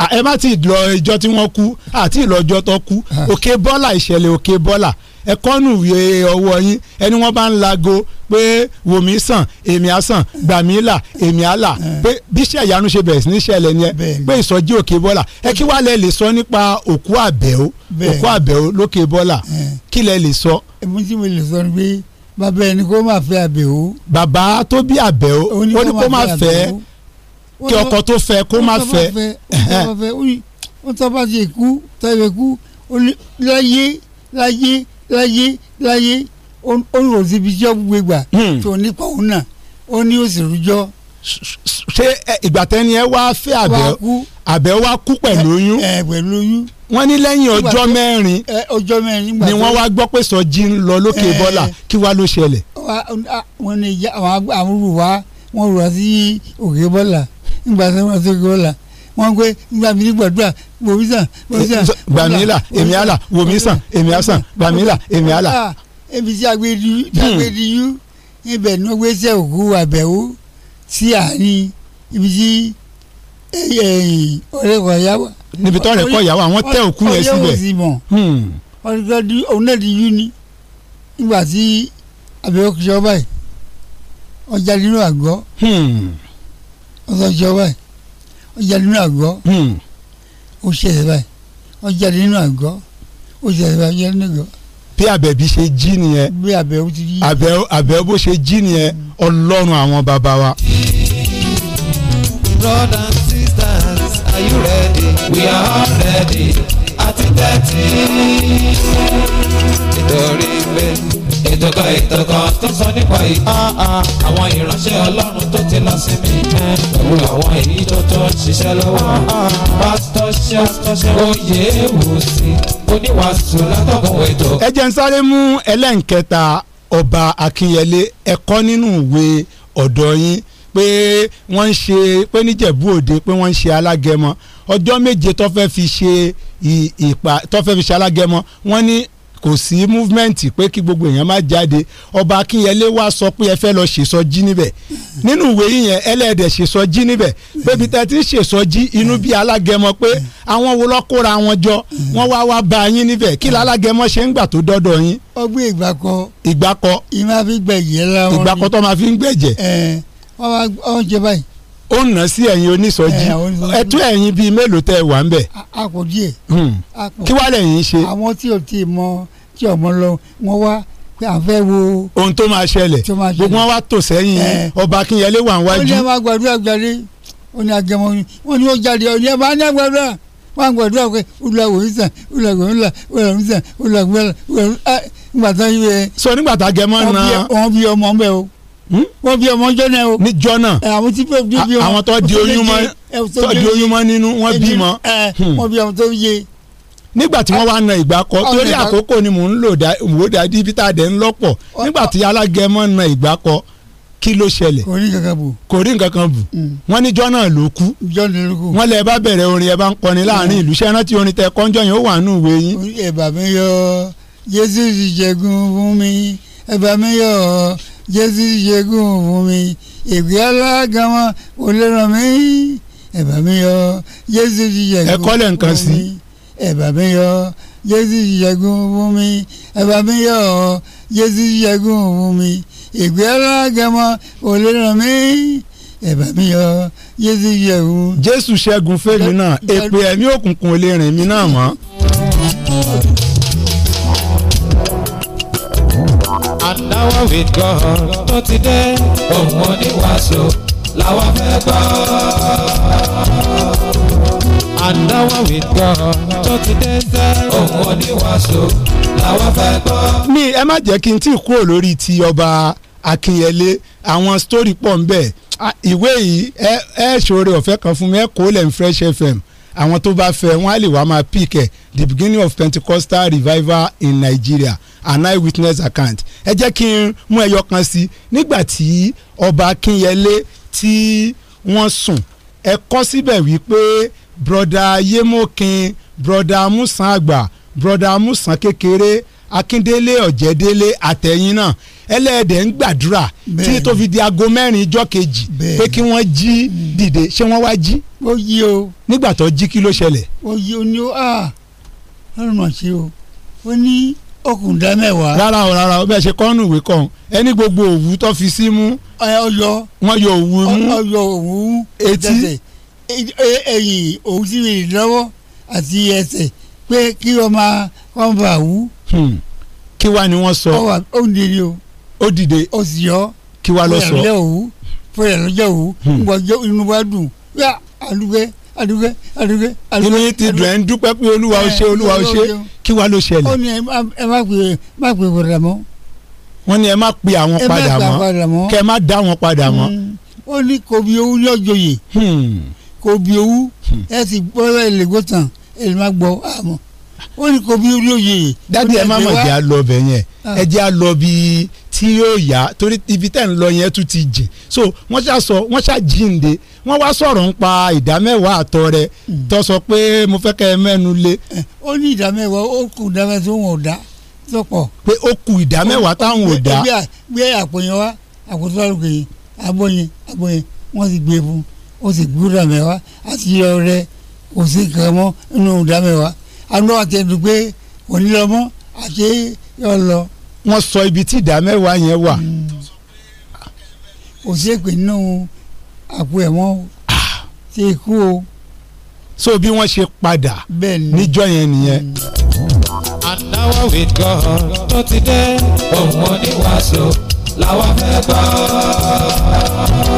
Ah, ẹ má ti lọ ìjọ tí wọ́n kú àti ìlọ́jọ́ tó kú ah. Òkè Bọ́là ìṣẹ̀lẹ̀ Òkè Bọ́là ẹ̀kọ́ nùwé ọwọ́ yín ẹni wọ́n bá ń lago pé wòmí sàn èmi á sàn gbàmí là èmi á là pé bíṣẹ́ ìyanu ṣe bẹ̀rẹ̀ sí ní ṣẹlẹ̀ ni ẹ pé ìsọjí òkè bọ́là ẹ kí wàá lẹ lè sọ nípa òkú àbẹ̀wò òkú àbẹ̀wò lókè bọ́là kí lẹ lè sọ. èmi tí mo lè sọ ni pé bàbá ẹni kó máa fẹ́ àbẹ̀wò. bàbá tó bí àbẹ̀wò ó ní kó máa fẹ́ kí ọkọ tó fẹ́ kó máa fẹ́. wọ́n tọ́ bá ti kú tọ́ ìwé kú láyé láyé láyé láyé ó ń rò síbi jọ́ gbogbo ìgbà hmm. tó nípa òun náà ó ní òsèrú jọ́. ṣé ìgbà tẹ́ni ẹ wá fẹ́ àbẹ̀ wá kú pẹ̀lú oyún. ẹ pẹ̀lú oyún. wọ́n ní lẹ́yìn ọjọ́ mẹ́rin ọjọ́ mẹ́rin ni wọ́n wá gbọ́ pé Sọjí ń lọ lókè bọ́là kí wá ló ṣẹlẹ̀. wọ́n ní àwọn àbúrò wa wọ́n rọ̀ sí òkè bọ́là nígbà tí wọ́n sí òkè bọ́là wọ́n gbé gbàmí ní gbàdúrà wòmí sàn wòmí sàn. gbàmí là èmi àlà wòmí sàn èmi àsàn gbàmí là èmi àlà. ebi tí agbèdìyú ibẹ̀ ní ọgbẹ́ sẹ́ òkú àbẹ̀wò sí àárín ibi tí eh, eh, ọ̀rẹ́ kan yá wa. níbi tí ọ̀rẹ́ kan yá wa wọ́n tẹ òkú yẹn síbẹ̀. Hmm. òun náà di yú ni nígbà tí àbẹ̀wò kìí ṣọ́ báyìí ọjà nínú àgọ́ hmm. ọ̀sán ṣọ́ báyìí. Hmm. ó jáde nínú àgọ́ ó ṣe ẹ̀sẹ̀ báyìí ó jáde nínú àgọ́ ó ṣe ẹ̀sẹ̀ báyìí ó jáde nínú àgọ́. bí àbẹ̀bí ṣe jí nìyẹn bí àbẹ̀wò ti jí àbẹ̀wò àbẹ̀wò ṣe jí nìyẹn ọlọ́run àwọn bàbá wa. brothers and sisters are you ready we are all ready àti tẹ́tí nítorí pé ìtọ́kọ̀ ìtọ́kọ̀ tó sọ nípa ìhà àwọn ìránṣẹ́ ọlọ́run tó ti lọ sí mi pẹ̀lú àwọn ìníjọ tó ń ṣiṣẹ́ lọ́wọ́. pásítọ̀ ṣe àtọ́ṣe oyè èwòsì oníwàásù látọ̀kùn ètò. ẹ jẹ́ ń sáré mú ẹlẹ́ǹkẹta ọba akínyẹlé ẹ̀kọ́ nínú ìwé ọ̀dọ́ yín pé wọ́n ń ṣe pé níjẹ̀bú òde pé wọ́n ń ṣe alágẹmọ ọjọ́ méje tó fẹ́ fi ṣe ìpà tó fẹ́ fi ṣe alágẹmọ wọ́n ní kò sí movement pé kí gbogbo èèyàn má jáde ọba akínyẹlé wá sọ pé ẹ fẹ́ lọ ṣèsọjí níbẹ̀ nínú ìwé yìnyẹn ẹlẹ́ẹ̀dẹ̀ ṣèsọjí níbẹ̀ pébi tẹ́ ti ń ṣèsọjí inú bí alágẹmọ pé àwọn wo lọ kóra wọn jọ wọn wá wá bá yín níbẹ̀ kí lálágẹmọ ṣe ń gbà tó dọ́dọ̀ yín. ọgbẹ́ ìgbàkọ. ìgbàkọ. ìmáfi gbẹ̀jẹ̀ la wọn. ìgbàkọ tó máa fi ń gbẹ̀jẹ̀. ẹ wọ́n ó nà sí ẹ̀yin onísọjí eh, ẹtú ẹ̀yin bíi mélòó tẹ wà ń bẹ̀. a kò díẹ̀. Hmm. kí wàá lẹ́yìn ṣe. àwọn tí o ti mọ tí ọmọ lọ wọn wá pé à ń fẹ́ wo. ohun tó máa ṣẹlẹ̀ gbogbo wọn wá tò sẹ́yìn eh. ọba akínyẹlé wà wájú. ó máa gbàdúrà gbàdé ó agẹmọ wọn ni ó jáde ó ní ẹ máa ní àgbàdúrà wọn àgbàdúrà pé olùlàwò ń sàn olùlàwò ń là olùlàwò ń sàn eh, nígbà tó ń yẹ. sọ nígbà tá a gẹmọ náà. wọn bí ọmọ ń Hmm? wọ́n bí ọmọ jọ náà o. ní jọ náà àwọn tí fẹ́ẹ́ bí ọmọ. àwọn tó di oyún mọ́ tó di oyún mọ́ nínú wọ́n bí mọ́. Hmm. wọ́n bí ọmọ tó yé. nígbà tí wọ́n wá na ìgbà kọ torí àkókò ni mò ń lò wò dá díbítà dẹ̀ ń lọ́pọ̀ nígbà tí alágẹmọ na ìgbà kọ kí ló ṣẹlẹ̀ kò rí nǹkankan bù kò rí nǹkankan bù hmm. wọ́n ní jọ́ náà ló kú wọ́n lẹ bá bẹ̀rẹ̀ orin ẹ bá ń kọrin láàrin ìlú ṣẹ́ rántí orin tẹ kọ́njọ́ yẹn ó wà nù ìwé yín. ẹ bá mi yọ Jésù ti jẹgun fún mi ẹ bá mi yọ jésù ṣẹ́gun fún mi ègbé alágàmọ́ olóràn mi ẹ̀bà mi yọ jésù ṣẹ́gun fún mi. ẹ kọ́lẹ̀ nǹkan sí. ẹ̀bà mi yọ jésù ṣẹ́gun fún mi ẹ̀bà mi yọ jésù ṣẹ́gun fún mi ègbé alágàmọ́ olóràn mi ẹ̀bà mi yọ jésù ṣẹ́gun. jésù ṣẹ́gun fèmí náà èpè ẹ̀mí òkùnkùn lè rìn mí náà mọ́. àdáwọ̀ with God tó ti dé. Òun oníwàásù làwa fẹ́ gbọ́. Àdáwọ̀ with God tó ti dé sẹ́. Òun oníwàásù làwa fẹ́ gbọ́. Mi ẹ má jẹ́ kí n tí kúrò lórí ti ọba Akínyẹlé àwọn sítórì pọ̀ ń bẹ̀ ìwé yìí ẹ ẹ ṣoore ọ̀fẹ́ kan fún mi ẹ kó lẹ́nu Fresh FM àwọn tó bá fẹ́ wọn á lè wá máa pick ẹ̀ the beginning of Pentecostal revival in Nigeria an eyewitness account ẹ jẹ́ kí n mú ẹyọ kan sí nígbà tí ọba Kínyẹlé tí wọ́n sùn ẹ kọ́ síbẹ̀ wípé broda Yémókin broda Musan àgbà broda Musan kékeré Akíndélé Ọ̀jẹ̀délé àtẹ̀yìn náà ẹlẹ́ẹ̀dẹ̀ ń gbàdúrà tí tó fi di aago mẹ́rin ijọ́ kejì pé kí wọ́n jí dìde ṣé wọ́n wá jí. ó yí o. nígbà tó jí kí ló ṣẹlẹ̀. ó yí o ní o a ọ̀run mà ṣe o ó ní okùn dá mẹ́wàá. rárá o rárá o bẹ́ẹ̀ ṣe kọ́nù ìwé kan ẹni gbogbo òwú tó fi sí mú. ọyọ wọn yọ òwú mú. ọyọ òwú mú. etí ẹyìn e, e, òwú sí mi lọ́wọ́ àti ẹsẹ̀ pé kí ọmọ ọmọ bá wú. Hmm. kí wàá ni wọ́n sọ. ọwọ́ òǹdè ni o ó dìde ó sì yọ kí wàá lọ sọ fúyà lẹ òwú fúyà lọ jẹ òwú hmm. ngbọjọ inú wa dùn yá àdúgbò àdúgbò àdúgbò. inú yìí ti dùn ẹ́ ń dúpẹ́ pé olúwa ó ṣe olúwa ó ṣe kí wàá ló ṣẹlẹ̀. ó ní ẹ má pè má pè padà mọ́. wọ́n ní ẹ má pè àwọn padà mọ́ kẹ́ ẹ má dá wọn padà mọ́. Hmm. ó ní kò bí owó yóò joyè kò bí owó hmm. ẹ ti gbọ́ ẹ ó ní kò bí owó dádì ẹ má mọ̀ jẹ́ àlọ́ bẹ̀ yẹn ah. ẹ jẹ́ àlọ́ bíi tí yóò yá torí ibi tẹ̀ ń lọ yẹn tún ti jìn so wọ́n ṣá sọ wọ́n ṣá jíǹde wọ́n wá sọ̀rọ̀ ń pa ìdámẹ́wàá àtọ rẹ hmm. tó sọ pé mo fẹ́ kẹ́ ẹ mẹ́nu lé. Eh, ó ní ìdámẹ́wàá ó kù ìdámẹ́wàá tó wọn ò dá sọ̀pọ̀. pé ó kù ìdámẹ́wàá táwọn ò dá. gbé àpòyàn wá àkótó àlùkò yìí abóyin abóyin wọ́n ti gbé fún ó sì gbúdọ̀ ìdámẹ́wàá àti yọ wọ́n sọ ibi tí ìdá mẹ́wàá yẹn wà. kò ṣeé pè nínú àpò ẹ̀wọ̀n ah. ṣe ikú o. so bí wọ́n ṣe padà níjọ́ yẹn nìyẹn. and mm. now with God tó ti dé òun oníwàásù làwọn fẹ́ gbọ́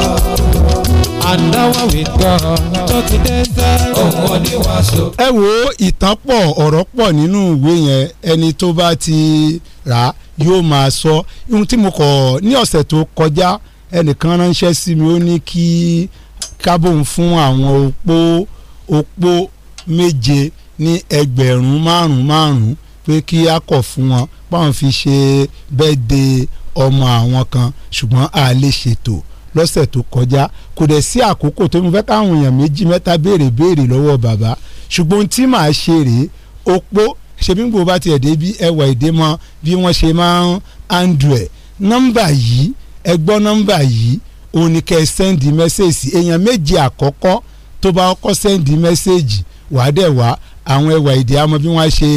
àdáwà with God tó ti dé sẹ́. òun ò ní wàásù. ẹ wo ìtàn pọ̀ ọ̀rọ̀ pọ̀ nínú ìwé yẹn ẹni tó bá ti rà á yóò máa sọ ohun tí mo kọ̀ ní ọ̀sẹ̀ tó kọjá ẹnìkan ránṣẹ́ sí mi ó ní kí kábòm fún àwọn opó opó méje ní ẹgbẹ̀rún márùn-ún márùn-ún pé kí a kọ̀ fún wọn báwọn fi ṣe bẹ́ẹ̀ de ọmọ àwọn kan ṣùgbọ́n a lè ṣètò lọ́sẹ̀ tó kọjá kò dẹ̀ sí àkókò tó mo fẹ́ káwọn èèyàn méjì mẹ́ta béèrè béèrè lọ́wọ́ bàbá ṣùgbọ́n tí màá ṣe rèé opó ṣebí gbogbo bá tiẹ̀ dé bí ẹwà èdè mọ bí wọ́n ṣe máa ń àǹdù ẹ̀ nọ́mbà yìí ẹ gbọ́ nọ́mbà yìí òun ni kẹ́ ẹ sẹ́ndì mẹ́sẹ̀gì èèyàn méje àkọ́kọ́ tó bá kọ́kọ́ sẹ́ndì mẹ́sẹ̀gì wàá dẹ̀ wá àwọn ẹwà èdè àmọ́ bí wọ́n ṣe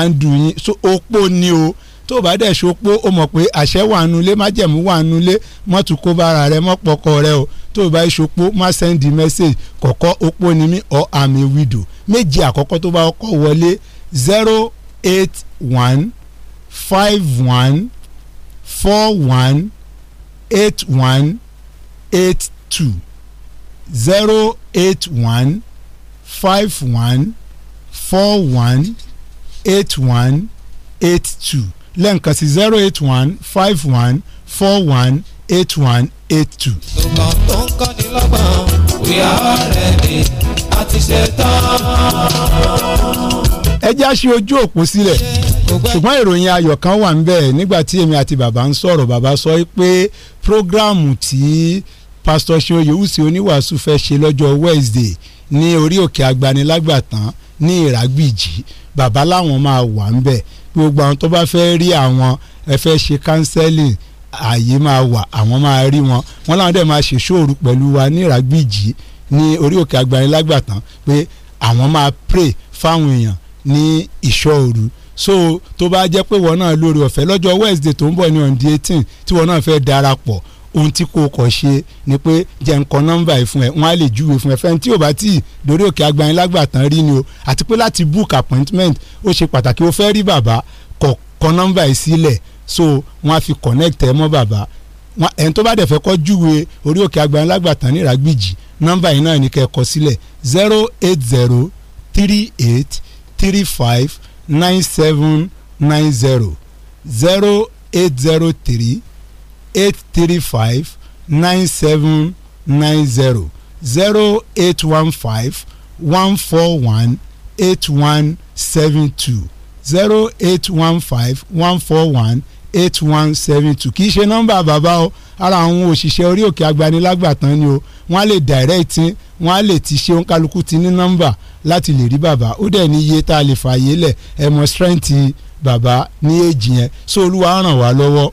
àǹdù yín so opó ni o tó o bá dẹ̀ ṣopó o mọ̀ pé àṣẹ wà nulẹ̀ májẹ̀mú wà nulẹ̀ mọ́tò kó bára rẹ mọ́ pọkọ rẹ o tó o bá ṣopó má sẹ́ndì mẹ́sẹ̀gì kọ̀kọ́ opó ni mí or I'm a méje àkọ́kọ́ tó bá kọ́ wọlé zero eight one five one four one eight one eight two zero eight one five one four one eight one eight two lẹ́ǹkan sí zero eight one five one four one eight one eight two. ṣùgbọ́n tó ń kọ́ni lọ́gbọ̀n we are ready a ti ṣe tán. ẹ já sí ojú òpó sílẹ̀ ṣùgbọ́n ìròyìn ayọ̀ kan wà ń bẹ̀ nígbà tí èmi àti bàbá ń sọ̀rọ̀ bàbá sọ pé prógráàmù tí pásítọ̀ ṣeoyè wùsì oníwàásù fẹ́ ṣe lọ́jọ́ Wednesday ní orí òkè agbanilágbàtàn ní ìràgbìjì bàbá láwọn máa wà ń bẹ̀ gbogbo àwọn tó bá fẹ́ rí àwọn ẹ fẹ́ ṣe counseling ààyè máa wà àwọn máa rí wọn wọn làwọn dẹ̀ máa ṣèṣòro pẹ̀lú wa ní ìràgbìjì ní orí òkè agbanilágbàtàn pé àwọn máa pray fáwọn èèyàn ní ìṣòro so tó bá jẹ́ pé wọn náà lórí ọ̀fẹ́ lọ́jọ́ Wednesday tó ń bọ̀ ní on the eighteen tí wọn náà fẹ́ darapọ̀ ohun tí kò kọ̀ ṣe ni pé jẹ́ nǹkan nọ́mbà yìí fún ẹ wọ́n á lè júwe fún ẹ fẹ́ni tí ò bá tí ì òkè agbanilágbà rí ni o àti pé láti book appointment ó ṣe pàtàkì ó fẹ́ rí bàbá kọ̀ kọ nọ́mbà yìí sílẹ̀ so wọ́n á fi connect ẹ mọ́ bàbá ẹni tó bá dẹ̀ fẹ́ kọ́ júwe orí òkè agbanilágbà tán ní ìràgbìjì nọ́mbà yìí náà ni kẹ́ ẹ sílẹ̀ zero eight zero three eight three five nine seven nine zero zero eight zero three eight three five nine seven nine zero zero eight one five one four one eight one seven two zero eight one five one four one eight one seven two kì í ṣe nọ́mbà bàbá o ara àwọn òṣìṣẹ́ orí òkè agbanilágbàtàn ni o wọ́n á lè direct wọ́n á lè ti ṣe òǹkálukú ti ní nọ́mbà láti lè rí bàbá ó dẹ̀ ní iye tá a lè fààyè lẹ̀ ẹ strength bàbá ní èjì yẹn so olúwa ràn wá lọ́wọ́.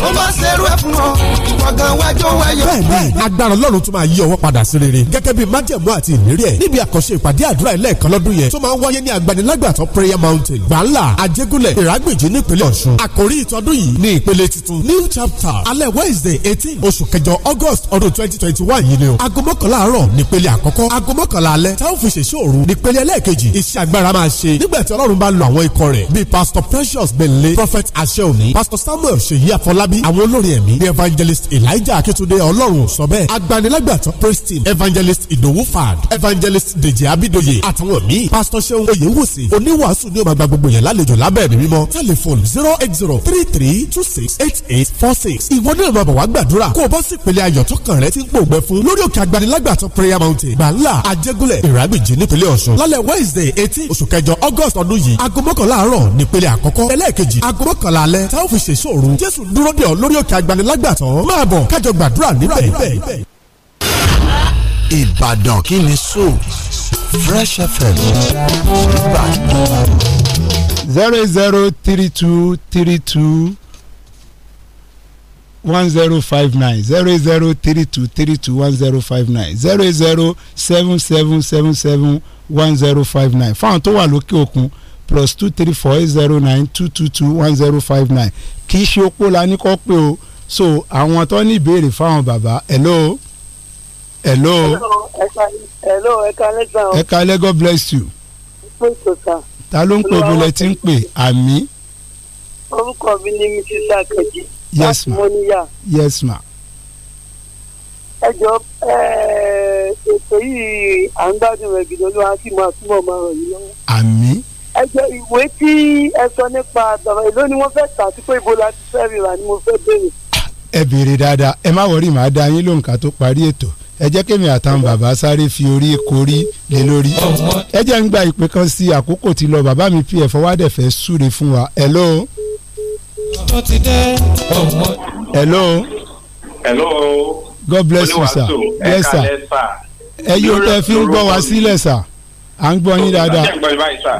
ó máa ṣerú ẹ̀ fún ọ ìwọ̀gàn wájú wáyọ̀. bẹ́ẹ̀ni agbára Ọlọ́run tún máa yí ọwọ́ padà sí rere gẹ́gẹ́ bíi májẹ̀mú àti ìlérí ẹ̀ níbi àkànṣe ìpàdé àdúrà ẹlẹ́ẹ̀kan lọ́dún yẹn tó máa ń wáyé ní agbanilágbàtọ́ prayer mountain gbàǹlà àjẹgúnlẹ̀ ìrágbèjì nípínlẹ̀ Ọ̀ṣun àkòrí ìtọ́dún yìí ní ìpele tuntun new chapter alẹ́ wednesday eighteen oṣù kẹjọ august ọdún twenty twenty one yìí ni o aago mọ́kànlá àárọ̀ nípele àkọ́kọ́ aago mọ́kànlá alẹ́ táwọn fi ṣèṣe òru nípele ẹlẹ́ẹ̀kejì iṣẹ́ agbára máa ṣe nígbà tí Ọlọ́run bá lo àwọn ikọ̀ rẹ̀ bíi pastor precious benle prophet asheoni pastor samuel ṣèyí àfọlá fọlábí àwọn olórin ẹ̀mí the evangelist elijah akitunde ọlọ́run sọ bẹ́ẹ̀ agbanilágbàtọ́ praise team evangelist ìdòwú fad evangelist dèjì abidoye àtàwọn míì pastor seun oyewusi oníwàásù ni ó máa gba gbogbo yẹn lálejò lábẹ́ mi mímọ́ telephone zero eight zero three three two six eight eight four six ìwọ náà máa bọ̀ wá gbàdúrà kó o bọ́ sí ìpele ayọ̀ tó kàn rẹ ti ń gbòògbẹ fún lórí òkè agbanilágbàtọ́ prayer mountain gbàǹlà àjẹgúnlẹ̀ ìrágbèjì nípínlẹ̀ ọ̀ṣun lálẹ́ wednesday eighteen oṣù kẹjọ august ọdún yìí aago mọ́kànlá àárọ̀ nípele àkọ́kọ́ ẹlẹ́ẹ̀kejì aago mọ́kànlá alẹ́ táwọn fi ṣèṣòro jésù dúró dúró dè ọ́ lórí òkè àgbàlélágbàtàn máa bọ̀ kájọ gbàdúrà níbẹ̀. Ìbàdàn kí ni so Fresh FM Ìbàdàn. zero eight zero three two three two one zero five nine zero eight zero three two three two one zero five nine zero eight zero seven seven seven seven one zero five nine fáwọn tó wà lókè òkun plus two three four zero nine two two two one zero five nine kì í ṣe opó la ní kọ́ pé o so àwọn tó ní ìbéèrè fáwọn bàbá hello hello. hello ẹ̀ka lẹ́gbẹ̀ẹ́. lẹ́ God bless you. ta ló ń pè bó lẹ ti ń pè àmì. orúkọ mi ni mrs akeji. yes ma yes ma. ẹ jọ ètò yìí à ń gbádùn rẹ gidi olúwa sì máa túbọ̀ máa ràn yín lọ́wọ́. àmì. ẹ ìwé tí ẹ sọ nípa bàbá èló ni wọ́n fẹ́ tà sí pé ibo la ti fẹ́ rira ni mo fẹ́ béèrè. ẹ béèrè dáadáa ẹ má wọrí màá dá yín lóǹkà tó parí ètò ẹ jẹ́ kémi àtàwọn bàbá sáré fi orí korí lé lórí. ẹ jẹ́ ń gba ìpè kan sí àkókò tí lọ bàbá mi pf wádẹ̀ fẹ́ súre fún wa. hello. hello. hello. God bless you sir. yes sir. ẹ yóò fi ń gbọ́ wa sílẹ̀ sir à ń gbọ́ yín dáadáa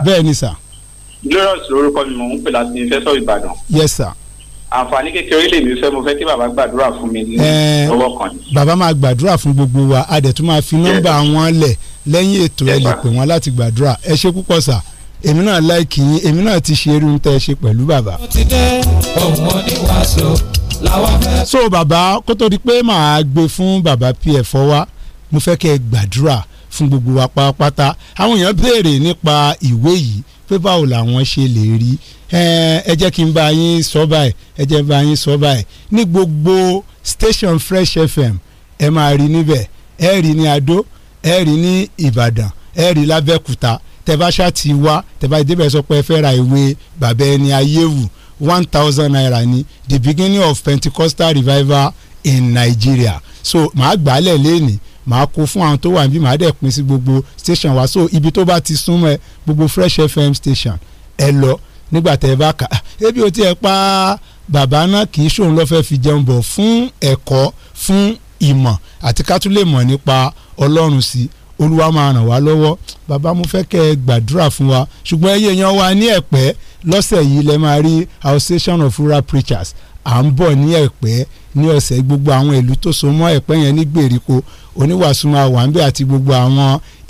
bẹ́ẹ̀ ni sà. glorious lórúkọ mi mò ń pè láti ìfẹ́sọ̀ ìbàdàn. yes sir. àǹfààní kékeré lè mi fẹ́ mo fẹ́ kí bàbá gbàdúrà fún mi ní ọwọ́ kan ni. bàbá máa gbàdúrà fún gbogbo wa a dẹ̀ tún máa fi nọ́mbà wọn lẹ̀ lẹ́yìn ètò ẹ lè pè wọ́n láti gbàdúrà ẹ ṣe púpọ̀ sà èmi náà láìkì yín èmi náà ti ṣe irú tẹ ẹ ṣe pẹ̀lú bàbá. ó ti dé òun ò làwọn fẹ́. so bàbá kó tó di pé màá gbé fún bàbá pf wa mo fẹ́ kẹ́ gbàdúrà fún gbogbo wa pátápátá àwọn èèyàn béèrè nípa ìwé yìí pé báwo làwọn ṣe lè rí ẹ jẹ́ kí n bá yín sọ báyìí ẹ jẹ́ bá yín sọ báyìí ní gbogbo station Fresh FM ẹ máa rí níbẹ̀ ẹ rí ní Adó ẹ rí ní Ìbàdàn ẹ rí lábẹ́kúta tẹ́báṣá ti wá tẹ́bá ìdíbẹ̀ sọ pé ẹ fẹ́ ra ìwé bàbá ẹni ayéwu one thousand naira ní the beginning of Pentecostal revival in Nigeria so màá gbàálẹ̀ lẹ́nìí màá kó fún àwọn tó wà níbí màá dẹ̀ pín sí gbogbo station wa so ibi tó bá ti súnmọ́ ẹ gbogbo Fresh FM station ẹ lọ nígbà tẹ ẹ bá kà ah, ebi ò tiẹ̀ pa bàbá náà kì í ṣòun lọ́ fẹ́ fi jẹun bọ̀ fún ẹ̀kọ́ fún ìmọ̀ àti ká tún lè mọ̀ nípa Ọlọ́run sí Olúwa máa ràn wá lọ́wọ́ bàbá mo fẹ́ kẹ́ ẹ gbàdúrà fún wa ṣùgbọ́n ẹyẹ yan wa ní ẹ̀pẹ́ lọ́sẹ̀ yìí lẹ máa rí Association of Rural Preachers à ń bọ̀ ní ẹ̀pẹ́ ní ọ̀sẹ̀ gbogbo àwọn ìlú tó so mọ́ ẹ̀pẹ́ yẹn ní gbèríko oníwàásù máa àti gbogbo àwọn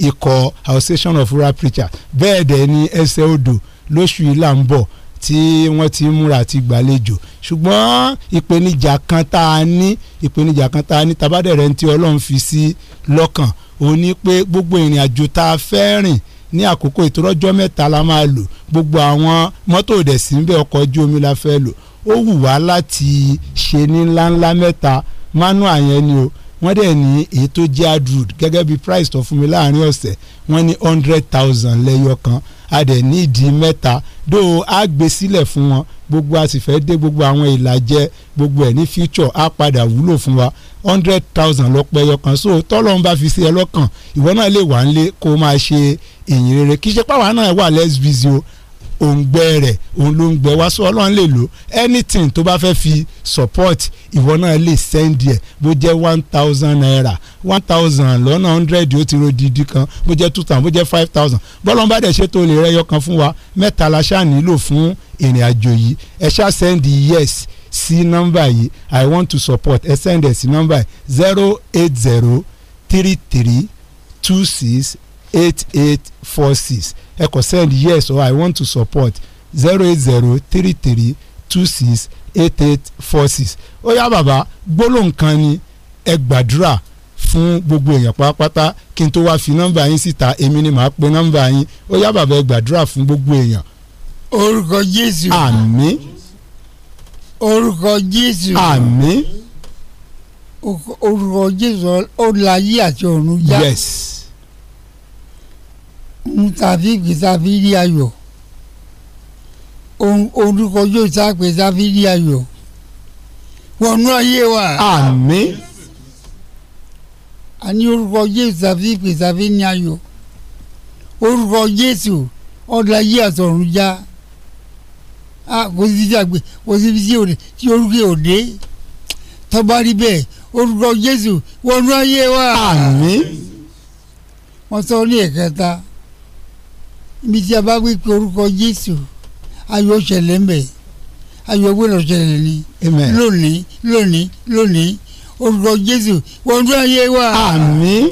ikọ̀ association of rural preachers bẹ́ẹ̀ dẹ̀ ni ẹsẹ̀ odò lóṣù yìí là ń bọ̀ tí wọ́n ti múra àti gbàlejò ṣùgbọ́n ìpèníjà kan tá a ní ìpèníjà kan tá a ní tabadẹ̀rẹ̀ ń ti ọlọ́run fi sí lọ́kàn òun ni pé gbogbo ìrìn àjò tá a fẹ́ rìn ní àkókò ìtòrọ́jọ́ mẹ́ta la máa lò gbogbo àwọn mọ́tò òdẹ̀sí ń bẹ ọkọ̀ ojú omi la fẹ́ lò ó wù wá láti ṣe ní ńláńlá mẹ́ta mánú àyẹn ni o wọ́n dẹ̀ ní èyí tó jẹ́ adrood gẹ́gẹ́ bí price tó fún mi láàrin ọ̀sẹ̀ wọ́n ní hundred thousand lẹ́yọ kan a dẹ̀ ní ìdí mẹ́ta dó a gbé sílẹ̀ fún wọn gbogbo a sì fẹ́ dé gbogbo àwọn ìlàjẹ gbogbo ẹ̀ ní future á padà wúlò fún wa hundred thousand lọ pẹyọ kan so tọ́lọ́run bá fi sí ẹ lọ́kàn ìwọ náà lè wà nílé kó máa ṣe ìyìn rere kì í ṣe pàwọn náà wà less busy o òǹgbẹ rẹ̀ òun ló ń gbẹ wá so ọlọ́run lè lò anything tó bá fẹ́ fi support ìwọ náà lè send ẹ̀ bó jẹ́ one thousand naira one thousand lọ́nà hundred ó ti ro didi kan bó jẹ́ two thousand bó jẹ́ five thousand bọ́lọ́n bá dẹ̀ ṣe tó lè rẹ́yọ kan fún wa mẹ́ta la ṣáà nílò fún ìrìn àjò yìí ẹ ṣáà send yes sí nọ́mbà yìí i want to support ẹ send ẹ sí nọ́mbà yìí zero eight zero three three two six eight eight four six ẹ kò send yes or i want to support zero eight zero three three two six eight eight four six ó yá bàbá gbólóhùn kan ni ẹ gbàdúrà fún gbogbo èèyàn pátápátá kí n tó wá fi nọ́mbà yín síta èmi ni màá pe nọ́mbà yín ó yá bàbá ẹ gbàdúrà fún gbogbo èèyàn. orúkọ jésù. àmín. orúkọ jésù. àmín. orúkọ jésù ó la yí àti ọ̀run já. yes ohun tàbí ìpè tàbí rí ayọ̀ orúkọ yóò tá a pè tàbí rí ayọ̀ wọnú ayé wa. àmín. a ní orúkọ Jésù tàbí ìpè tàbí ní ayọ̀ orúkọ Jésù ọ̀dà ayé àtọ̀run já kò sí ti àgbẹ̀ kò sí ti òde tí orúkọ òde tọ́ba rí bẹ́ẹ̀ orúkọ Jésù wọnú ayé wa. àmín. wọ́n sọ ní ẹ̀kẹta. E ibi tí a bá wí pé orúkọ Jésù ayọ̀ ṣẹlẹ̀ ń bẹ̀ ayọ̀ gbọ́dọ̀ ṣẹlẹ̀ ni lónìí lónìí lónìí orúkọ Jésù wọ́n tún ayé wa. àmín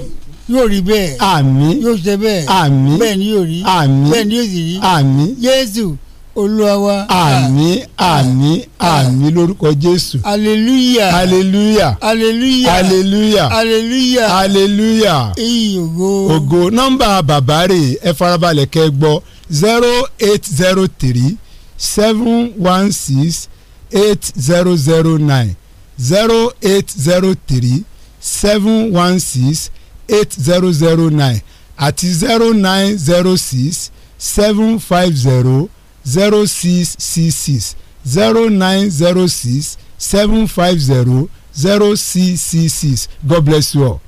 yóò rí bẹ́ẹ̀ àmín yóò ṣe bẹ́ẹ̀ àmín bẹ́ẹ̀ ni yóò rí àmín bẹ́ẹ̀ ni yóò sì rí àmín Jésù olúwa wa. àmín àmín àmín lórúkọ jésù. hallelujah hallelujah hallelujah hallelujah hallelujah hallelujah. iyì ògo. ògo nọ́mbà bàbá rẹ̀ ẹ farabalẹ̀ kẹ́ gbọ́ zero eight zero three seven one six eight zero zero nine zero eight zero three seven one six eight zero zero nine àti zero nine zero six seven five zero zero six six six zero nine zero six seven five zero zero six six six God bless you all.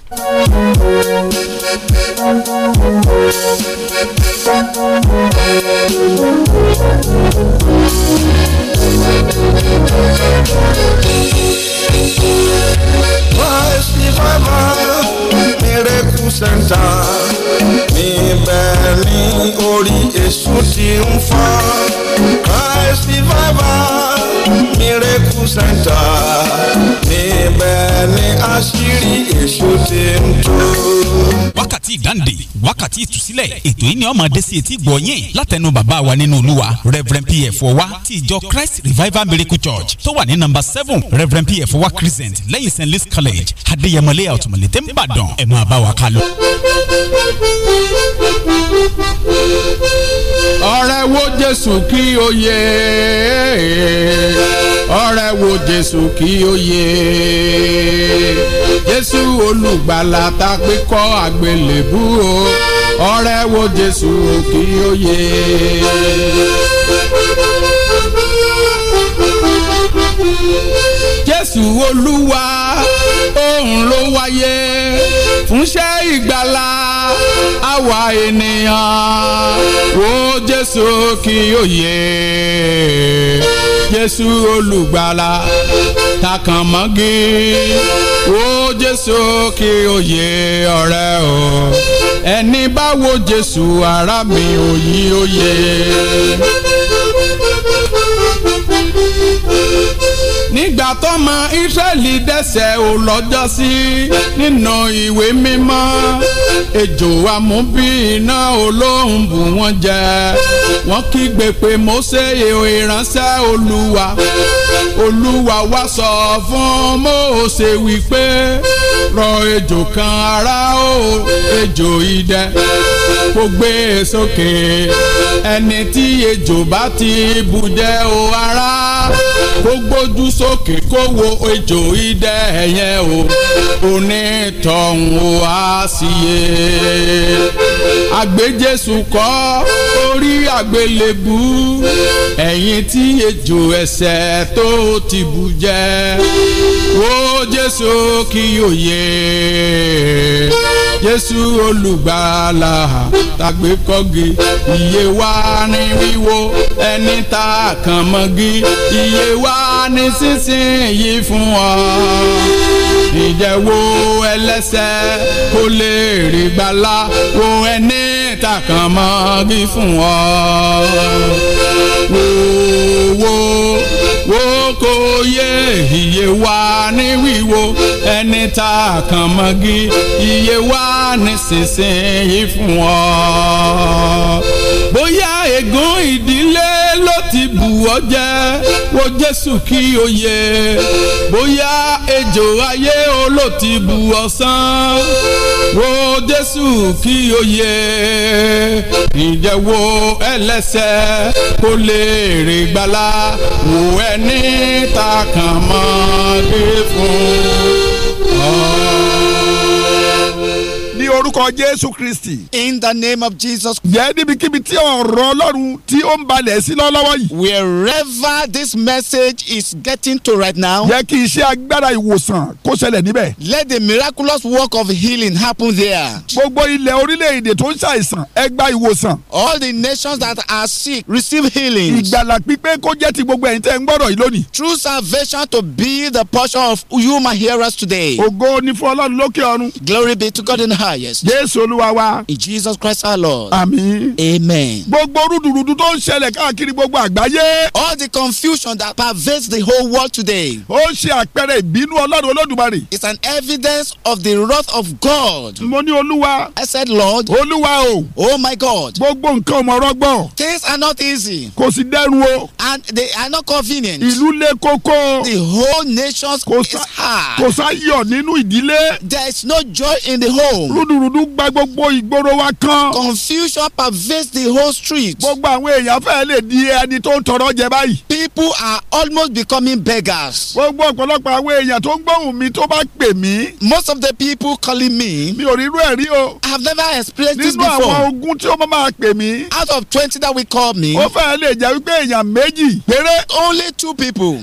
Why is my mama miracle? sẹ́ńtà níbẹ̀ ní orí èṣù ti ń fọ́ Christ revival miracle center níbẹ̀ ni àṣírí èṣù ti ń tú. wákàtí ìdáǹdè wákàtí ìtúsílẹ̀ ètò yìí ni ó máa dé sí etí látẹnu bàbá wa nínú olúwa reverend pf ọwa ti ìjọ christ revival miracle church tó wà ní nọ́mbà seven reverend pf ọwa crescent lẹ́yìn st louis college adéyẹmọlẹ́yà ọ̀túnmọ̀lẹ́tẹ̀ ń bàdàn ẹ̀ máa bá wa ọ̀rẹ́ wo jésù kí o yè ọ̀rẹ́ wo jésù kí o yè jésù olùgbàlà ta pé kọ́ àgbélébú o ọ̀rẹ́ wo jésù kí o yè. thank you jésù olúwa òun ló wáyé fúnṣẹ́ ìgbàlá àwa ènìyàn wo jésù kí ó yè jésù olùgbàlà takàn mọ́gí wo jésù kí ó yè ọ̀rẹ́ o ẹni bá wo jésù ara mi òyìn ó yè. tọ́mọ Ísírẹ́lì dẹ́ṣẹ̀ ò lọ́jọ́ sí nínú ìwé mímọ́ ejò amúbí iná olóhùn bù wọ́n jẹ wọ́n kígbe pé Mósè ìránṣẹ́ Olúwa Olúwa wá sọ fún Mósè wípé rọ ejò kan ara o ejò idẹ kó gbé e sókè ẹni tí ejò bá ti bù jẹ o ara kó gbójú sókè kó wo ejò idẹ yẹn o onítọ̀hún o á sì yé àgbéjésù kọ́ orí àgbélébù ẹ̀yìn tí ejò ẹ̀ṣẹ̀ tó ti bù jẹ o Jésù kí yóò yé. Jésù olùgbàlà tàgbé kọ́gi iye wa ní wíwo ẹni tá a kàn mọ́gi iye wa ní sísìnyí fún ọ ìjẹ́wọ́ ẹlẹ́sẹ̀ kó lè rí gbàlà wo ẹni lẹ́tà kan mọ́ bí fún ọ. Wo wo kò yé iye wa ní wíwo ẹni tá a kàn mọ́gí iye wa ní sísìnyí fún ọ. Bóyá ègún ìdílé ló ti bù ọ jẹ́ wo Jésù kí o yè bóyá ejò ayé olóòtí bu ọ̀sán wo Jésù kí o yè ǹjẹ́ wo ẹlẹ́sẹ̀ kó lè rè gbàlà wo ẹni tá a fún ọ orúkọ Jésù Kristi. In the name of Jesus. Jẹ́ níbikíbi tí ọ̀rọ̀ Ọlọ́run tí ó ń balẹ̀ sí lọ́wọ́ yìí. Wherever this message is getting to right now. Jẹ́ kí iṣẹ́ agbára ìwòsàn kó ṣẹlẹ̀ níbẹ̀. Let the miraculous work of healing happen there. Gbogbo ilẹ̀ orílẹ̀-èdè tó ń ṣàìsàn ẹ gba ìwòsàn. All the nations that are sick receive healing. Ìgbàlà pípé kó jẹ́ ti gbogbo ẹ̀yin tẹ́ ń gbọ́dọ̀ yìí lónìí. True salvation to be the portion of you my hearers today. Ògo ni fún Ọlọ́run lókè ọ̀run. Glory be to God in highest jésù olúwa wa. in jesus christ our lord. àmín. amen. gbogbo rúdurùdu tó ń ṣẹlẹ̀ káàkiri gbogbo àgbáyé. all the confusion that pervades the whole world today. ó ṣe àpẹẹrẹ ìbínú ọlọ́run olódùmarè. it's an evidence of the wrath of God. mo ní olúwa. I said lord. olúwa o. oh my God. gbogbo nǹkan ọmọ ọgbọ́n. things are not easy. kò sì dẹrù o. and they are not convenient. ìlú le koko. the whole nation is hard. kò sáyọ̀ nínú ìdílé. there is no joy in the home. rúdurùdu ìdàrúdú gba gbogbo ìgboro wa kan. confusion pervades the whole street. gbogbo àwọn èèyàn lè di ẹni tó ń tọrọ jẹ báyìí. people are almost becoming beggars. gbogbo ọ̀pọ̀lọpọ̀ àwọn èèyàn tó ń gbóhùn mi tó bá pè mí. most of the people calling me. mi ò rí irú ẹ̀ rí o. I have never experienced this before. nínú àwọn ogún tí ó máa máa pè mí. out of twenty that we call me. ó fẹ́ẹ́ lè jẹ́ wípé èèyàn méjì péré. only two people.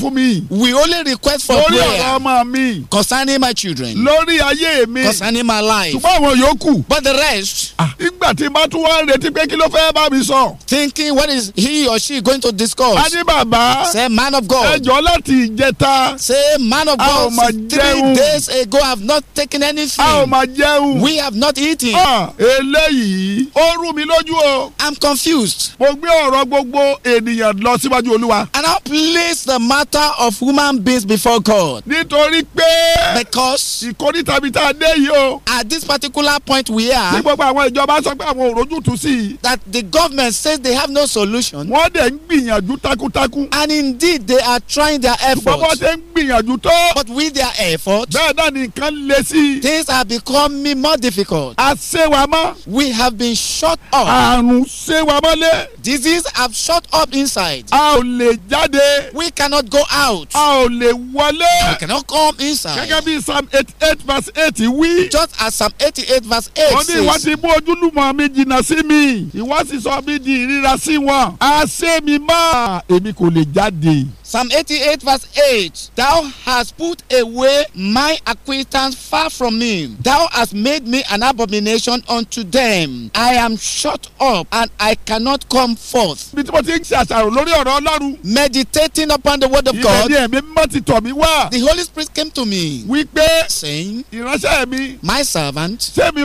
fún mi. we only request for prayer. lórí ọ̀rọ̀ ọmọ mi. concerning my children. lórí ayé mi. concerning my life. ṣùgbọ́n àwọn yòókù. but the rest. Ah. ìgbà tí tún wá retí pé kí ló fẹ́ bá mi sọ. thinking what is he or she going to discuss. bàbá. say man of God. ẹjọ́ láti ìjẹta. say man of God. a ò ma jẹun. three days ago I have not taken anything. a ò ma jẹun. we have not eaten. ah eléyìí ó rú mi lójú o. I am confused. mo gbé ọ̀rọ̀ gbogbo ènìyàn lọ síwájú olúwa. and I place the matter of human beings before God. nítorí pé. because. she mi tá a dé yìí o. at this particular point we are. ní gbogbo àwọn ìjọba sọ pé àwọn ò rójútu sí i. that the government says they have no solution. wọ́n dẹ̀ ń gbìyànjú takuntakun. and indeed they are trying their efforts. bọ́bọ́ ṣe ń gbìyànjú tó. but with their efforts. bẹ́ẹ̀ náà nìkan le sí i. things are becoming more difficult. a ṣe wa mọ́. we have been shut up. àrùn ṣe wa mọ́lé. disease have shut up inside. a ò lè jáde. we cannot go out. a ò lè wọlé. we cannot come inside. gẹ́gẹ́ bí psalm eight eight verse eight wí. just just as psalm eighty-eight verse eight says. wọ́n ní ìwà ti mú ojúlùmọ̀ mi jìnnà sí mi ìwà sì sọ mi di ìríra sí wọn. àṣé mi máa èmi kò lè jáde. Psalm 88, verse 8 Thou hast put away my acquaintance far from me. Thou hast made me an abomination unto them. I am shut up and I cannot come forth. Meditating upon the word of God. The Holy Spirit came to me. Saying. My servant. Don't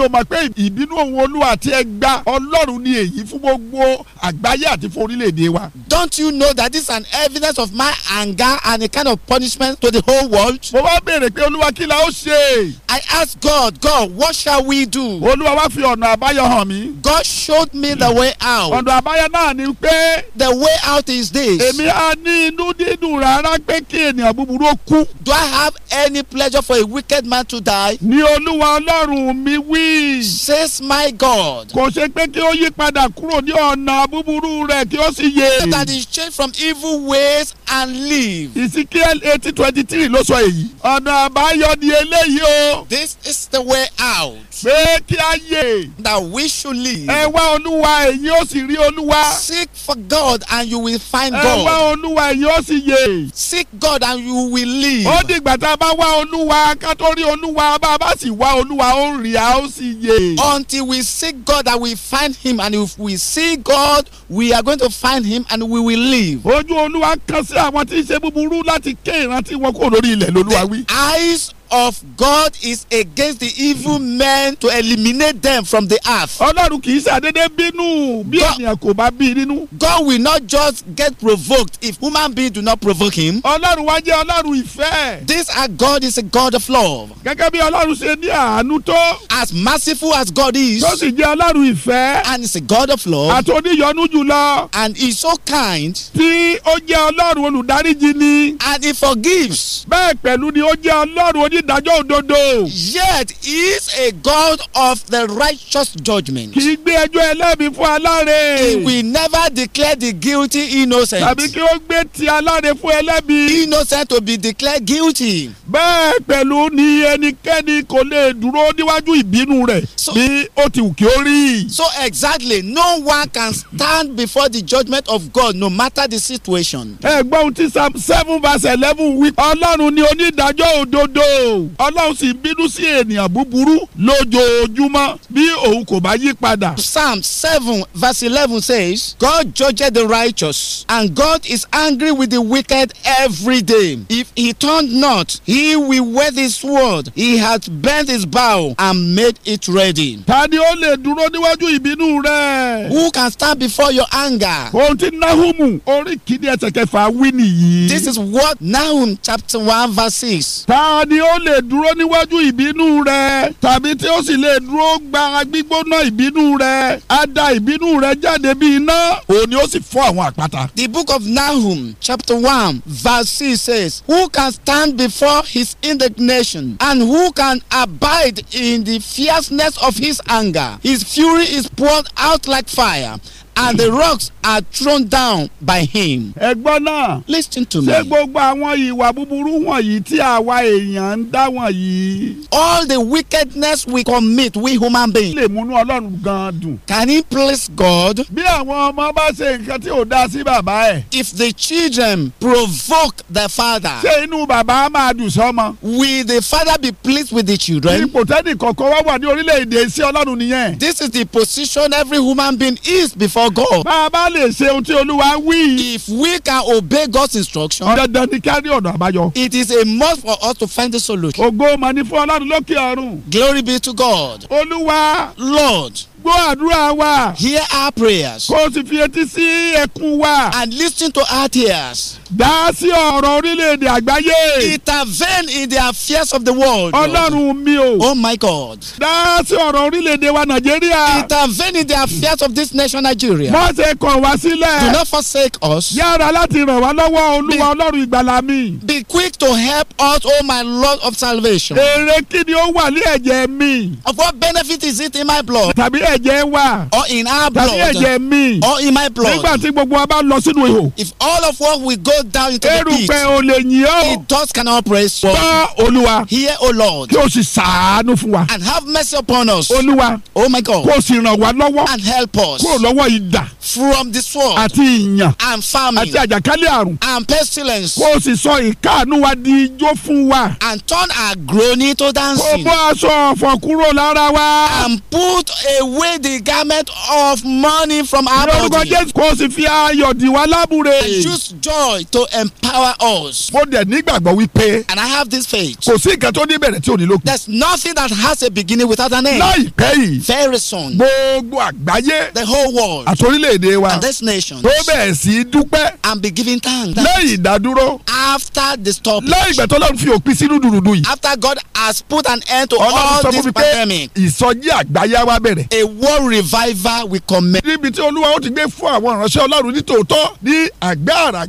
you know that this is an evidence of my anger and a kind of punishment to the whole world. mo wá béèrè pé olúwa kí la ó ṣe. I asked God, God, what shall we do? olúwa wá fi ọ̀nà àbáyọ hàn mí. God showed me the way out. ọ̀nà àbáyọ náà ni pé. the way out is this. èmi á ní inú dídùn rárá pé kí ènìyàn búburú kú. do I have any pleasure for a wicked man to die? ni olúwa ọlọ́run mi wí. says my God. kò ṣe pé kí ó yí padà kúrò ní ọ̀nà búburú rẹ̀ kí ó sì yé. changed from evil ways and and live. Ezekiel eighteen twenty three ló sọ èyí. ọ̀nà àbáyọ ni eléyìí o. This is the way out. pé kí a yè. that we should live. ẹ wá olúwa ẹ̀yin ó sì rí olúwa. Seek for God and you will find God. ẹ wá olúwa ẹ̀yin ó sì yè. Seek God and you will live. ó dìgbà tá a bá wá olúwa ká tó rí olúwa bá a bá sì wá olúwa ó ń rí a ó sì yè. Until we seek God and we find him and if we see God we are going to find him and we will live. ojú olúwa kan sí àwọn. àwọn tí ń ṣe búburú láti ké ìrántí wọn kúrò lórí ilẹ̀ lolúwa wí. eyes of God is against the evil men to eliminate them from the earth. Ọlọ́run kì í ṣàdédé bínú bí ènìyàn kò bá bí nínú. God will not just get provoked if human beings do not provoke him. Ọlọ́run wá jẹ́ Ọlọ́run ìfẹ́. This our God is a God of love. Gẹ́gẹ́ bí Ọlọ́run ṣe ní àánú tó. As merciful as God is. Tó sì jẹ́ Ọlọ́run ìfẹ́. And he's a God of love. jùlọ. And He's so kind. Tí ó jẹ́ Ọlọ́run olùdáríjì ni. And he forgives. Bẹ́ẹ̀ pẹ̀lú ni ó jẹ́ Ọlọ́run ìdájọ́ òdodo. yet he is a God of the righteous judgment. kì í gbé ẹjọ́ ẹlẹ́bi fún aláre. he will never declare the guilty innocent. tàbí kí ó gbé ti aláre fún ẹlẹ́bi. innocent to be declared guilty. bẹ́ẹ̀ pẹ̀lú ni ẹnikẹ́ni kò lè dúró níwájú ìbínú rẹ̀ bí ó ti wù kí ó rí. so exactly no one can stand before the judgment of God no matter the situation. ẹ gbọ́ ohun tí seven verse eleven wí. Ọlọ́run ni onídàájọ́ òdodo. ọlọ́run sì bínú sí ènìyàn búburú lójoojúmọ́ bí òun kò bá yí padà. Psalm seven verse eleven says God judges the righteous and God is angry with the wicked every day. If he turned not he will wear his sword he has bent his bow and made it ready. ó lè dúró níwájú ìbínú rẹ. who can stand before your anger. ohun tí Nahumu orí kìíní ẹsẹ̀ kẹfà wí nìyí. this is what Nahum chapter one verse six. ó lè dúró níwájú ìbínú rẹ tàbí tí ó sì lè dúró gba gbígbóná ìbínú rẹ á da ìbínú rẹ jáde bí iná òun ó sì fọ́ àwọn àpáta. The book of Nahum chapter one verse six says who can stand before his indignation and who can abide in the fierceness of his anger his fury is poured out like fire and the rocks are thrown down by him. náà. listen to me. ṣé gbogbo àwọn ìwà búburú wọ̀nyí tí àwa èèyàn ń dá wọ̀nyí. all the wickedness we commit we human beings. lè múnú ọlọ́run gan-an dùn. can he please God. bí àwọn ọmọ bá ṣe nǹkan tí ò dá sí bàbá ẹ̀. if the children provoke the father. ṣé inú bàbá máa dùn sọ́mọ. will the father be pleased with the children. ipo tẹ́nì kọ̀ọ̀kan wá wà ní orílẹ̀-èdè sí ọlọ́run nìyẹn. this is the position every human being is before God. bàbá lè ṣe ohun tí olúwa wí. if we can obey God's instruction. dandan ni ká ọ̀nà àbáyọ. it is a must for us to find the solution. ògo mà fún ọlọ́run lókè ọ̀run. glory be to God. olúwa. Lord gbọ́ àdúrà wa. hear our prayers. kó o sì fi etí sí ẹkún wa. and listen to our tears. dá sí ọ̀rọ̀ orílẹ̀-èdè àgbáyé. intervene in the affairs of the world. ọlọ́run mi o. oh my God. dá sí ọ̀rọ̀ orílẹ̀-èdè wa nàìjíríà. intervene in the affairs of this nation Nigeria. má ṣe kọ̀ wá sílẹ̀. do not forsake us. yára láti ràn wá lọ́wọ́ olúwa ọlọ́run ìgbàlà mi. be quick to help us oh my Lord of salvation. èrè kí ni ó wà ní ẹ̀jẹ̀ mi. of what benefit is it in my blood. tàbí ẹ̀ ẹ̀jẹ̀ wa. or in our blood. tàbí ẹ̀jẹ̀ mi. or in my blood. nígbà tí gbogbo wa bá lọ sínú ihò. if all of us we go down into the pit. erùpẹ̀ ò lè yìn ọ́. the dust cannot praise God. olúwa. hear o lord. kí o sì sàánú fún wa. and have mercy upon us. olúwa. oh my God. kó o sì ràn wá lọ́wọ́. and help us. kúrò lọ́wọ́ from the sword. àti ìyàn. and famine. àti àjàkálẹ̀ àrùn. and pestilence. kó o sì sọ ìkáàánú wa di ijó fún wa. and turn our groaning to dancing. kó bọ́ aṣọ ọ̀fọ̀ kúrò lára wa. and put away the garment of mourning from our body. lórúkọ jésù kó o sì fi ayọ̀ dì wá lábúre. and use joy to empower us. mo dẹ̀ nígbàgbọ́ wípé. and I have this faith. kò sí nǹkan tó ní bẹ̀rẹ̀ tí ò ní lókun. there is nothing that has a beginning without an end. láìpẹ́ yìí. very soon. gbogbo àgbáyé. the whole world. àtòrílẹ̀ orílẹ̀-èdè wa. and this nation. tó bẹ̀ẹ̀ sí dúpẹ́. and be giving thanks. lẹ́yìn ìdádúró. after the stoppage, lẹ́yìn ìgbà lọ́run fi òpin sínú dùrùdù yìí. after God has put an end to all this pandemic. ìsọjí àgbáyá wa bẹ̀rẹ̀. a world revival will come. níbi tí olúwa ó ti gbé fún àwọn ìránṣẹ́ ọlọ́run ní tòótọ́ ní agbára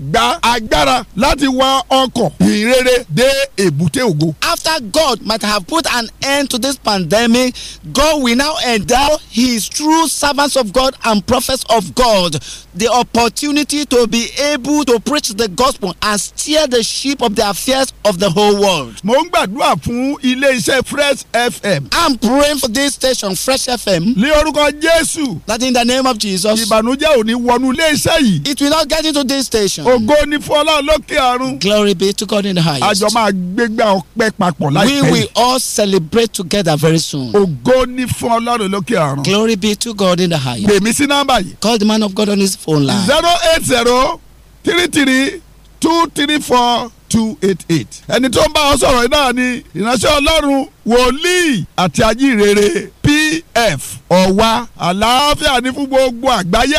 agbára láti wa ọkọ̀ ìrere dé èbúté ògo. after God might have put an end to this pandemic God will now endow his true servants of God and prophets of God the opportunity to be able to preach the gospel and steer the ship of the affairs of the whole world. Mo ń gbàdúrà fún ilé-iṣẹ́ Fresh FM. I'm praying for this station Fresh FM. Ní orúkọ Jésù. That in the name of Jesus. Ìbànújẹ́ ò ní wọnú ilé-iṣẹ́ yìí. It will not get into this station. Ògo ni fún Ọlọ́run lókè Glory be to God in the highest. Àjọ máa gbégbá ọpẹ́ papọ̀ láìpẹ́. We will all celebrate together very soon. Ògo ni fún Ọlọ́run lókè Glory be to God in the highest. Gbèmí sí nọ́mbà yìí call the man of God on his phone line. zero eight zero three three two three four two eight eight. ẹni tó ń bá ọ sọ̀rọ̀ náà ni ìránṣẹ́ ọlọ́run wòlíì àti ajíhìnrere pf ọ̀wá àlàáfíà ní fún gbogbo àgbáyé